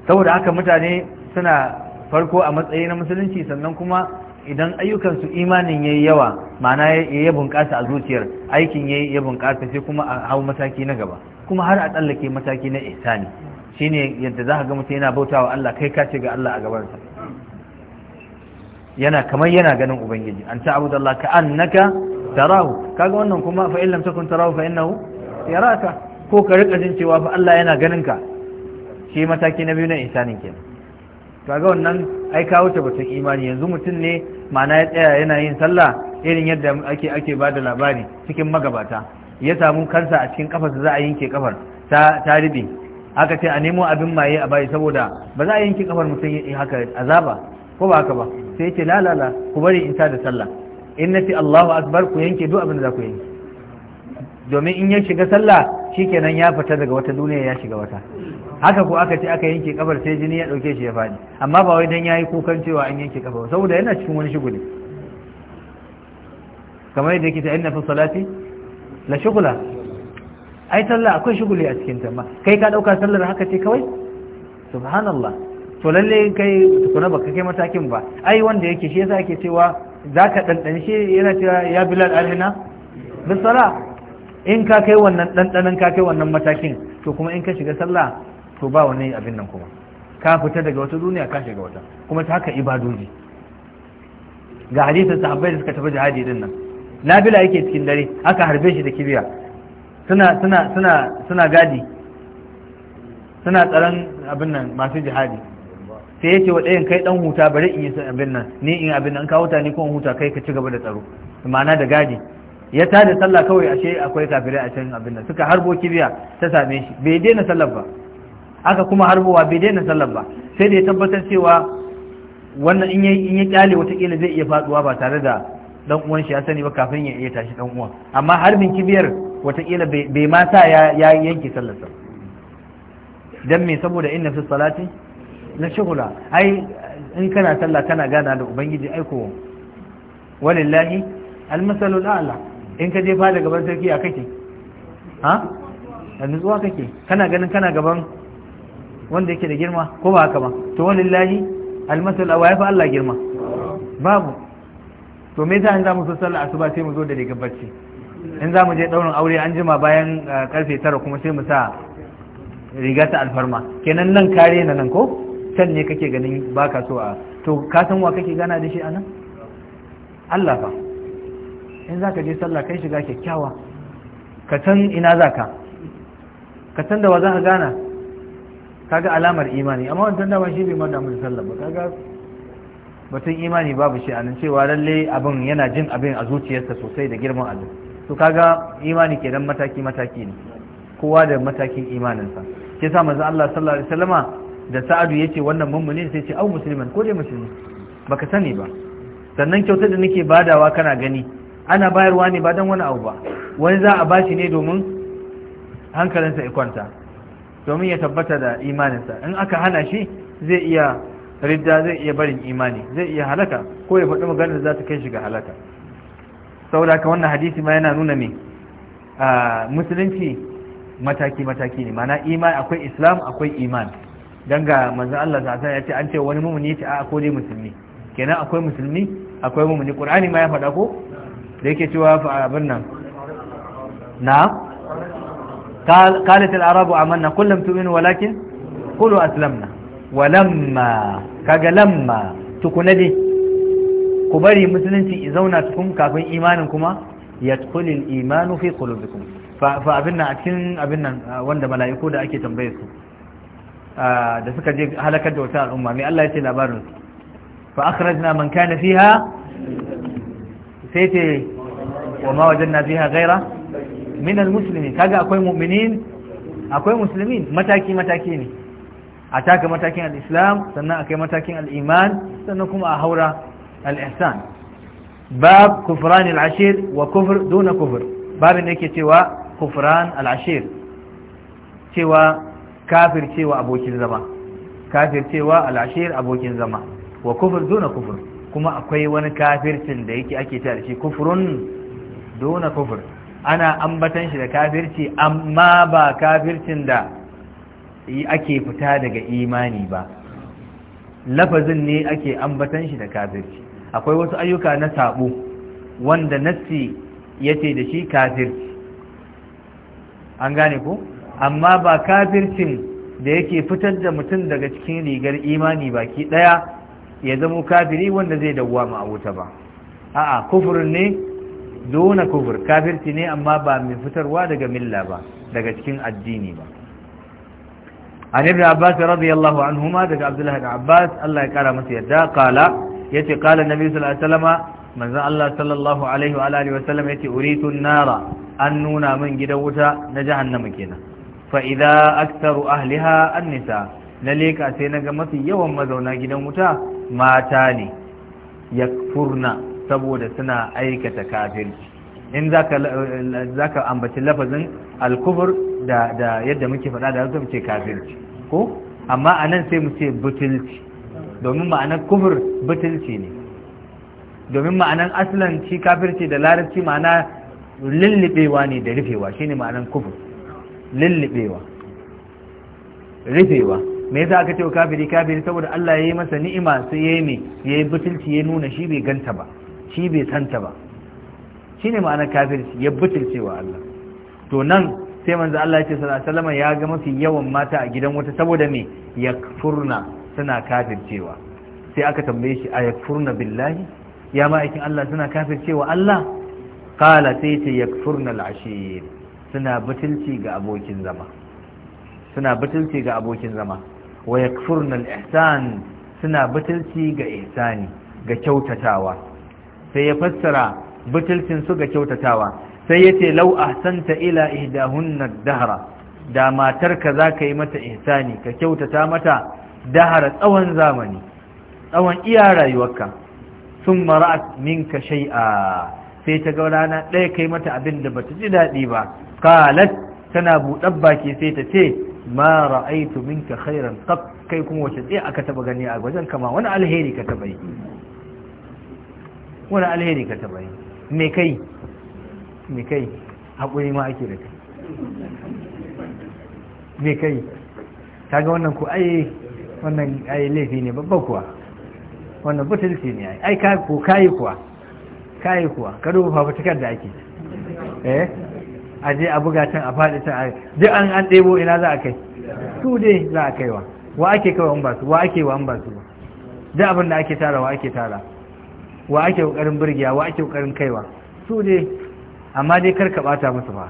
saboda haka mutane suna farko a matsayi na musulunci sannan kuma idan ayyukansu imanin yayi yawa ma'ana ya bunƙasa a zuciyar aikin yayi ya bunƙasa sai kuma a hau mataki na gaba kuma har a tsallake mataki na ihsani shine yadda za ka ga mutum yana bautawa Allah kai ka ce ga Allah a gabansa yana kamar yana ganin ubangiji an ta abu ka annaka tarahu kaga wannan kuma fa illam takun tarahu fa innahu yaraka ko ka rika jin cewa fa Allah yana ganin ka shi mataki na biyu na insanin kenan kaga wannan ai kawo ta batun imani yanzu mutum ne ma'ana ya tsaya yana yin sallah irin yadda ake ake bada labari cikin magabata ya samu kansa a cikin kafar za a yanke kafar ta ta ribe aka ce a nemo abin maye a bayi saboda ba za a yanke kafar mutum haka azaba ko ba haka ba sai ya ce la la ku bari in ta da sallah in na ce Allahu akbar ku yanke duk abin da za ku yanke domin in ya shiga sallah kenan ya fita daga wata duniya ya shiga wata haka ko aka ce aka yanke kabar sai jini ya dauke shi ya faɗi. amma ba wai dan yayi kukan cewa an yanke kabar saboda yana cikin wani shuguli kamar yadda yake ta inna fi salati la shugula ai sallah akwai shuguli a cikin ta ma kai ka dauka sallar haka ce kawai subhanallah to lalle kai tukuna baka kai matakin ba ai wanda yake shi yasa ake cewa za ka ɗanɗani shi yana cewa ya bilal alhina bisala in ka kai wannan ɗanɗanin ka kai wannan matakin to kuma in ka shiga sallah to ba wani abin nan kuma ka fita daga wata duniya ka shiga wata kuma ta haka ibadoji ga hadisin sahabbai da suka tafi jihadi din nan nabila yake cikin dare aka harbe shi da kibiya suna suna suna suna gadi suna tsaron abin nan masu jihadi sai yake wa ɗayan kai ɗan huta bari in yi abin nan ni in abin nan ka huta ni kuma huta kai ka ci gaba da tsaro ma'ana da gadi ya da sallah kawai ashe akwai kafirai a can abin nan suka harbo kibiya ta same shi bai daina sallar ba aka kuma harbowa bai daina sallar ba sai da ya tabbatar cewa wannan in ya in ya kyale watakila zai iya faduwa ba tare da dan uwan shi ya sani ba kafin ya iya tashi dan uwan amma harbin kibiyar watakila bai ma sa ya yanke sallar sa dan me saboda inna fi salati na shugula ai in kana sallah kana gana da ubangiji aiko walillahi almasalul a'la in ka je fada gaban sarki a kake ha da nutsuwa kake kana ganin kana gaban wanda yake da girma ko ba haka ba to walillahi almasalul a'la fa Allah girma babu to me yasa in za mu so sallah asuba sai mu zo da daga bacci in za mu je daurin aure an jima bayan eh, karfe tara kuma sai mu sa riga ta alfarma kenan nan kare na nan ko can ne kake ganin baka so a to ka san wa kake gana da shi anan Allah fa in zaka je sallah kai shiga kyakkyawa ka san ina zaka ka san da wa zaka gana kaga alamar imani amma wannan da ba shi bai mada mu sallah ba kaga batun imani babu shi anan cewa lalle abin yana jin abin a zuciyarsa sosai da girman Allah to kaga imani kenan mataki mataki ne kowa da matakin imaninsa ke sa manzo Allah sallallahu alaihi wasallama da sa'adu ya ce wannan mummuni sai ce au musulman ko dai musulmi ka sani ba sannan kyautar da nake badawa kana gani ana bayarwa ne ba don wani abu ba wani za a bashi ne domin hankalinsa ya kwanta domin ya tabbata da imaninsa in aka hana shi zai iya ridda zai iya barin imani zai iya halaka ko ya faɗi maganar da za ta kai shi ga halaka saboda haka wannan hadisi ma yana nuna me ah, musulunci mataki mataki ne mana iman akwai islam akwai iman don ga manzan Allah za a ce an ce wani mummuni ce a akwai musulmi kenan akwai musulmi akwai mummuni ƙunani ma ya faɗa ko da yake cewa fi abin nan na kalitin arabu a manna kullum tuwin walakin kulu aslamna walamma kaga lamma tukuna dai ku bari musulunci i zauna tukun kafin imanin kuma ya tukunin imanu fi kulubikun fa abin nan a cikin abin nan wanda mala'iku da ake tambaye su da suka je halakar da wata al'umma mai Allah ya ce labarin fa akhrajna man kana fiha sai ce wa ma wajanna fiha ghaira min almuslimin kaga akwai mu'minin akwai muslimin mataki mataki ne a taka matakin al-islam sannan akai matakin al-iman sannan kuma a haura al-ihsan bab kufran al-ashir wa kufr duna kufr babin da yake cewa kufran al-ashir cewa cewa abokin zama cewa al'ashir abokin zama wa kufur duna kufur kuma akwai wani kafircin da yake ake tare shi kufurun duna kufur ana ambatan shi da kafirci amma ba kafircin da ake fita daga imani ba lafazin ne ake ambatan shi da kafirci akwai wasu ayyuka na sabo wanda nassi yace da shi kafirci an gane ko amma ba kafircin da yake fitar da mutum daga cikin rigar imani baki ɗaya ya zama kafiri wanda zai dawwa a wuta ba a'a kufurin ne dona kufur kafirci ne amma ba mai fitarwa daga milla ba daga cikin addini ba an ibn abbas radiyallahu anhuma daga abdullah ibn abbas Allah ya kara masa yadda kala yace kala nabi sallallahu alaihi wasallam manzo Allah sallallahu alaihi wa alihi wasallam yace uritu nara an nuna min gidan wuta na jahannama kenan fa idza aktharu ahliha annisa na leka sai naga mafi yawan mazauna gidan wuta mata ne yakfurna saboda suna aikata kafirci in zaka ambaci lafazin al-kufr da da yadda muke faɗa da zaka muke kafirci ko amma anan sai mu ce butulci domin ma'anar kufur butulci ne domin ma'anar aslan shi kafirci da larabci ma'ana lullubewa ne da rufewa shine ma'anar kufur lullubewa rufewa me yasa aka ce wa kafiri kafiri saboda Allah ya yi masa ni'ima sai ya yi me ya butulci ya nuna shi bai ganta ba shi bai santa ba shine ma'ana kafiri ya butulce wa Allah to nan sai manzo Allah ya ce sallallahu alaihi ya ga mafi yawan mata a gidan wata saboda me yakfurna suna kafircewa sai aka tambaye shi a yakfurna billahi ya ma'aikin Allah suna kafircewa Allah qala sai ce yakfurna al-ashir suna butulci ga abokin zama suna butulci ga abokin zama wa yakfurna al-ihsan suna butulci ga ihsani ga kyautatawa sai ya fassara butulcin su ga kyautatawa sai yace law ahsanta ila ihdahunna ad-dahra da matarka zaka yi mata ihsani ka kyautata mata dahar tsawon zamani tsawon iya rayuwarka sun mara'at minka shai'a sai ta ga rana ɗaya kai mata abin da ba ta ji daɗi ba qalat tana buɗar baki sai ta ce ma ra'aitu minka khairan qat kai kuma wace tsaye aka taba gani a wajen kama wani alheri ka taba yi wani alheri ka taba yi me kai me kai haƙuri ma ake da kai me kai kaga wannan ku ai wannan ai laifi ne babba kuwa wannan butulci ne ai ai ka ko kai kuwa kai kuwa ka duba fafutukar da ake eh a je a buga can a faɗi can a duk an an ɗebo ina za a kai su dai za a kaiwa wa ake kawai an basu wa ake wa an basu su duk abin da ake tara wa ake tara wa ake kokarin burgiya wa ake kokarin kaiwa su dai amma dai kar ka bata musu ba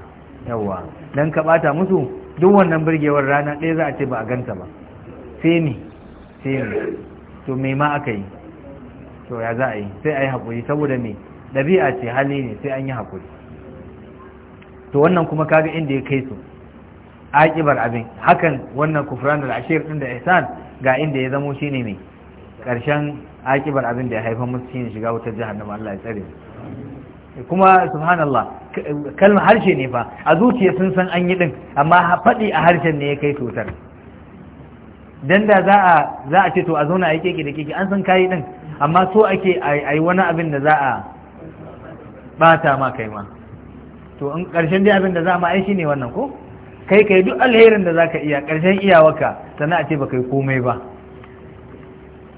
yawa dan ka bata musu duk wannan burgewar rana ɗaya za a ce ba a ganta ba sai ni sai ni to me ma aka yi to ya za a yi sai a yi haƙuri saboda me ɗabi'a ce hali ne sai an yi haƙuri to wannan kuma kaga inda ya kai su aƙibar abin hakan wannan kufran al-ashir din da ihsan ga inda ya zamo shine mai karshen aƙibar abin da ya haifa musu shine shiga wutar jahannama Allah ya tsare kuma subhanallah kalmar harshe ne fa a zuciya sun san an yi din amma faɗi a harshen ne ya kai cutar dan da za a za a ce to a zauna a yi keke da keke an san kayi din amma so ake a yi wani abin da za a bata ma kai ma to in ƙarshen dai abin da za mu ai shine wannan ko kai kai duk alherin da zaka iya ƙarshen iyawarka sannan a ce ba kai komai ba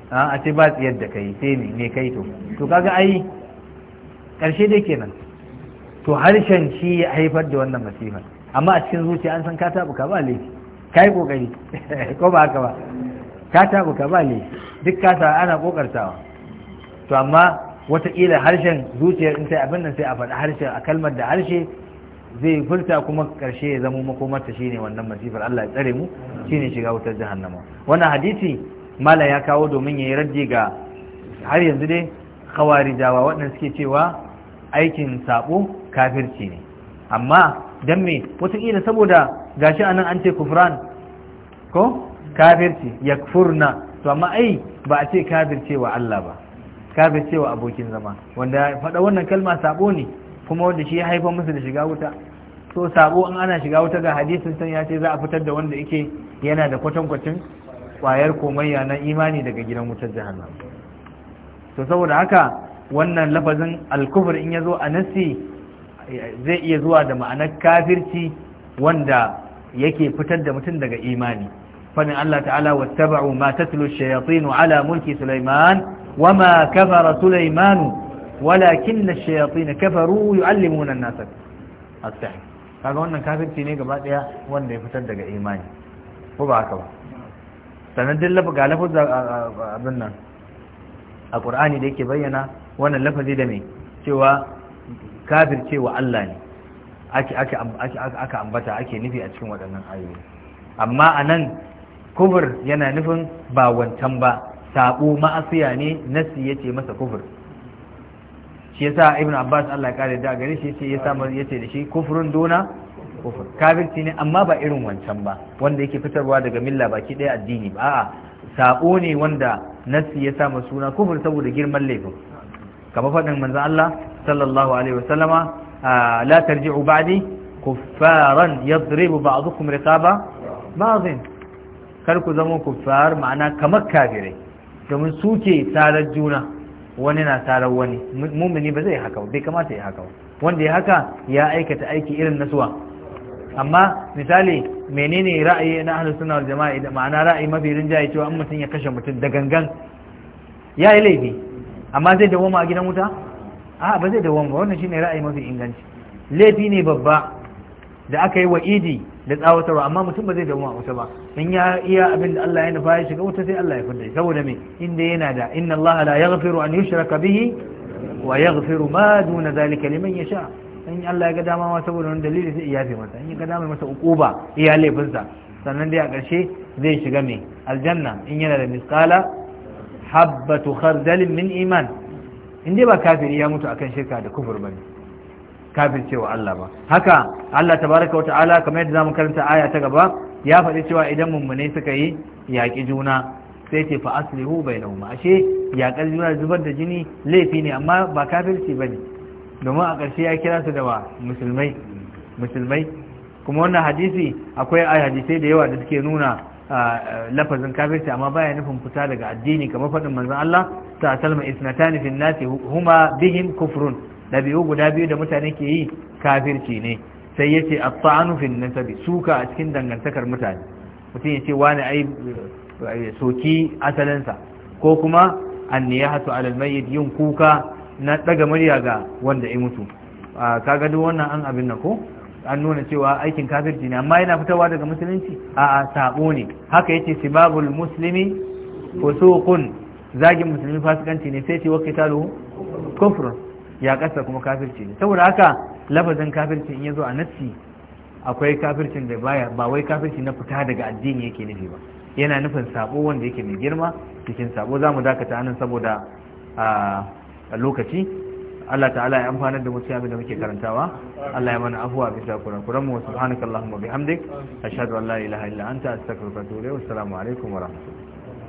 a ce ba tsiyar da kai sai ne me kai to to kaga ai ƙarshe dai kenan to harshen shi ya haifar da wannan masifar amma a cikin zuciya an san ka tabuka ba laifi ka yi kokari ko ba haka ba ka tabuka ba laifi duk ka sa ana kokartawa to amma wataƙila harshen zuciyar in sai abin nan sai a faɗi harshe a kalmar da harshe zai furta kuma karshe ya zama makomarta shine wannan masifar Allah ya tsare mu shine shiga wutar jahannama wannan hadisi mala ya kawo domin ya yi raddi ga har yanzu dai khawarijawa waɗanda suke cewa aikin sabo kafirci ne amma dan me wataƙila saboda gashi anan an ce kufran ko kafirci yakfurna to amma ai ba a ce kafircewa Allah ba kafir cewa abokin zama wanda faɗa wannan kalma sabo ne kuma wanda shi ya haifa musu da shiga wuta so sabo an ana shiga wuta ga hadisin san ya ce za a fitar da wanda yake yana da kwatankwacin kwayar komayya na imani daga gidan wutar jahannam to saboda haka wannan lafazin alkufur in ya zo a nassi zai iya zuwa da ma'anar kafirci wanda yake fitar da mutum daga imani fadin Allah ta'ala wattaba'u ma tatlu shayatin ala mulki Sulaiman وما كفر سليمان ولكن الشياطين كفروا يعلمون الناس السحر kaga wannan kafirci ne gaba daya wanda ya fitar daga imani ko ba haka ba sanan duk lafa ga da abin nan a qur'ani da yake bayyana wannan lafazi da mai cewa kafirce wa Allah ne ake aka ambata ake nufi a cikin waɗannan ayoyi amma anan kufur yana nufin ba wancan ba sabo ma'asiya ne nasi yace masa kufur shi yasa ibn abbas Allah ya kare da gare shi yace ya samu yace da shi kufurin dona kufur kafirci ne amma ba irin wancan ba wanda yake fitarwa daga milla baki ɗaya addini ba a sabo ne wanda nasi ya samu suna kufur saboda girman laifin kama faɗin manzo Allah sallallahu alaihi wasallama ah, la tarji'u ba'di kuffaran yadribu ba'dukum riqaba ba'dhin kar ku zama kuffar ma'ana kamar kafirai domin su ke tarar juna wani na tarar wani mumini ba zai haka ba bai kamata ya haka ba wanda ya haka ya aikata aiki irin nasuwa amma misali menene ra'ayi na ahlus sunna wal jama'a idan ma'ana ra'ayi mafi rinjaye cewa an mutum ya kashe mutum da gangan ya yi laifi amma zai dawoma a gidan wuta a'a ba zai dawoma wannan shine ra'ayi mafi inganci laifi ne babba da aka yi wa idi da tsawatarwa amma mutum ba zai damu a wuta ba in ya iya abin da Allah ya nufa ya shiga wuta sai Allah ya fidda saboda me inda yana da inna Allah la yaghfiru an yushraka bihi wa yaghfiru ma duna zalika liman yasha in Allah ya ga dama ma saboda wani dalili sai iyafe masa in ya ga dama masa ukuba iya laifinsa sannan dai a ƙarshe zai shiga me aljanna in yana da misqala habbatu khardalin min iman in dai ba kafiri ya mutu akan shirka da kufur bane cewa Allah ba haka Allah tabaraka wa ta'ala kamar yadda zamu karanta aya ta gaba ya faɗi cewa idan mummune suka yi yaƙi juna sai ce fa aslihu bainahuma ashe yaƙar juna zubar da jini laifi ne amma ba kafirci bane domin a ƙarshe ya kira su da wa musulmai musulmai kuma wannan hadisi akwai ayi hadisai da yawa da suke nuna lafazin kafirci amma baya nufin fita daga addini kamar faɗin manzon Allah ta salma isnatani fi nasi huma bihim kufrun ɗabi'u guda biyu da mutane ke yi kafirci ne sai ya ce a tsanu fi nasabi suka a cikin dangantakar mutane mutum ya ce wani ai eh, soki asalinsa ko kuma anniyahatu alal mayyit yin kuka na daga murya ga wanda ya mutu kaga duk wannan an abin na ko an nuna cewa aikin kafirci ne amma yana fitowa daga musulunci a'a sabo ne haka yace sibabul muslimi fusuqun zagin musulmi fasikanci ne sai ce wa kufrun ya kasa kuma kafirci ne saboda haka lafazin kafirci in ya zo a nassi akwai kafircin da baya ba wai kafirci na fita daga addini yake nufi ba yana nufin sabo wanda yake mai girma cikin sabo za mu dakata anan saboda a lokaci Allah ta'ala ya amfana da wasu abin da muke karantawa Allah ya mana afuwa bisa kurakuran mu subhanakallahumma bihamdik ashhadu an la ilaha illa anta astaghfiruka wa atubu ilayk assalamu alaikum wa rahmatullahi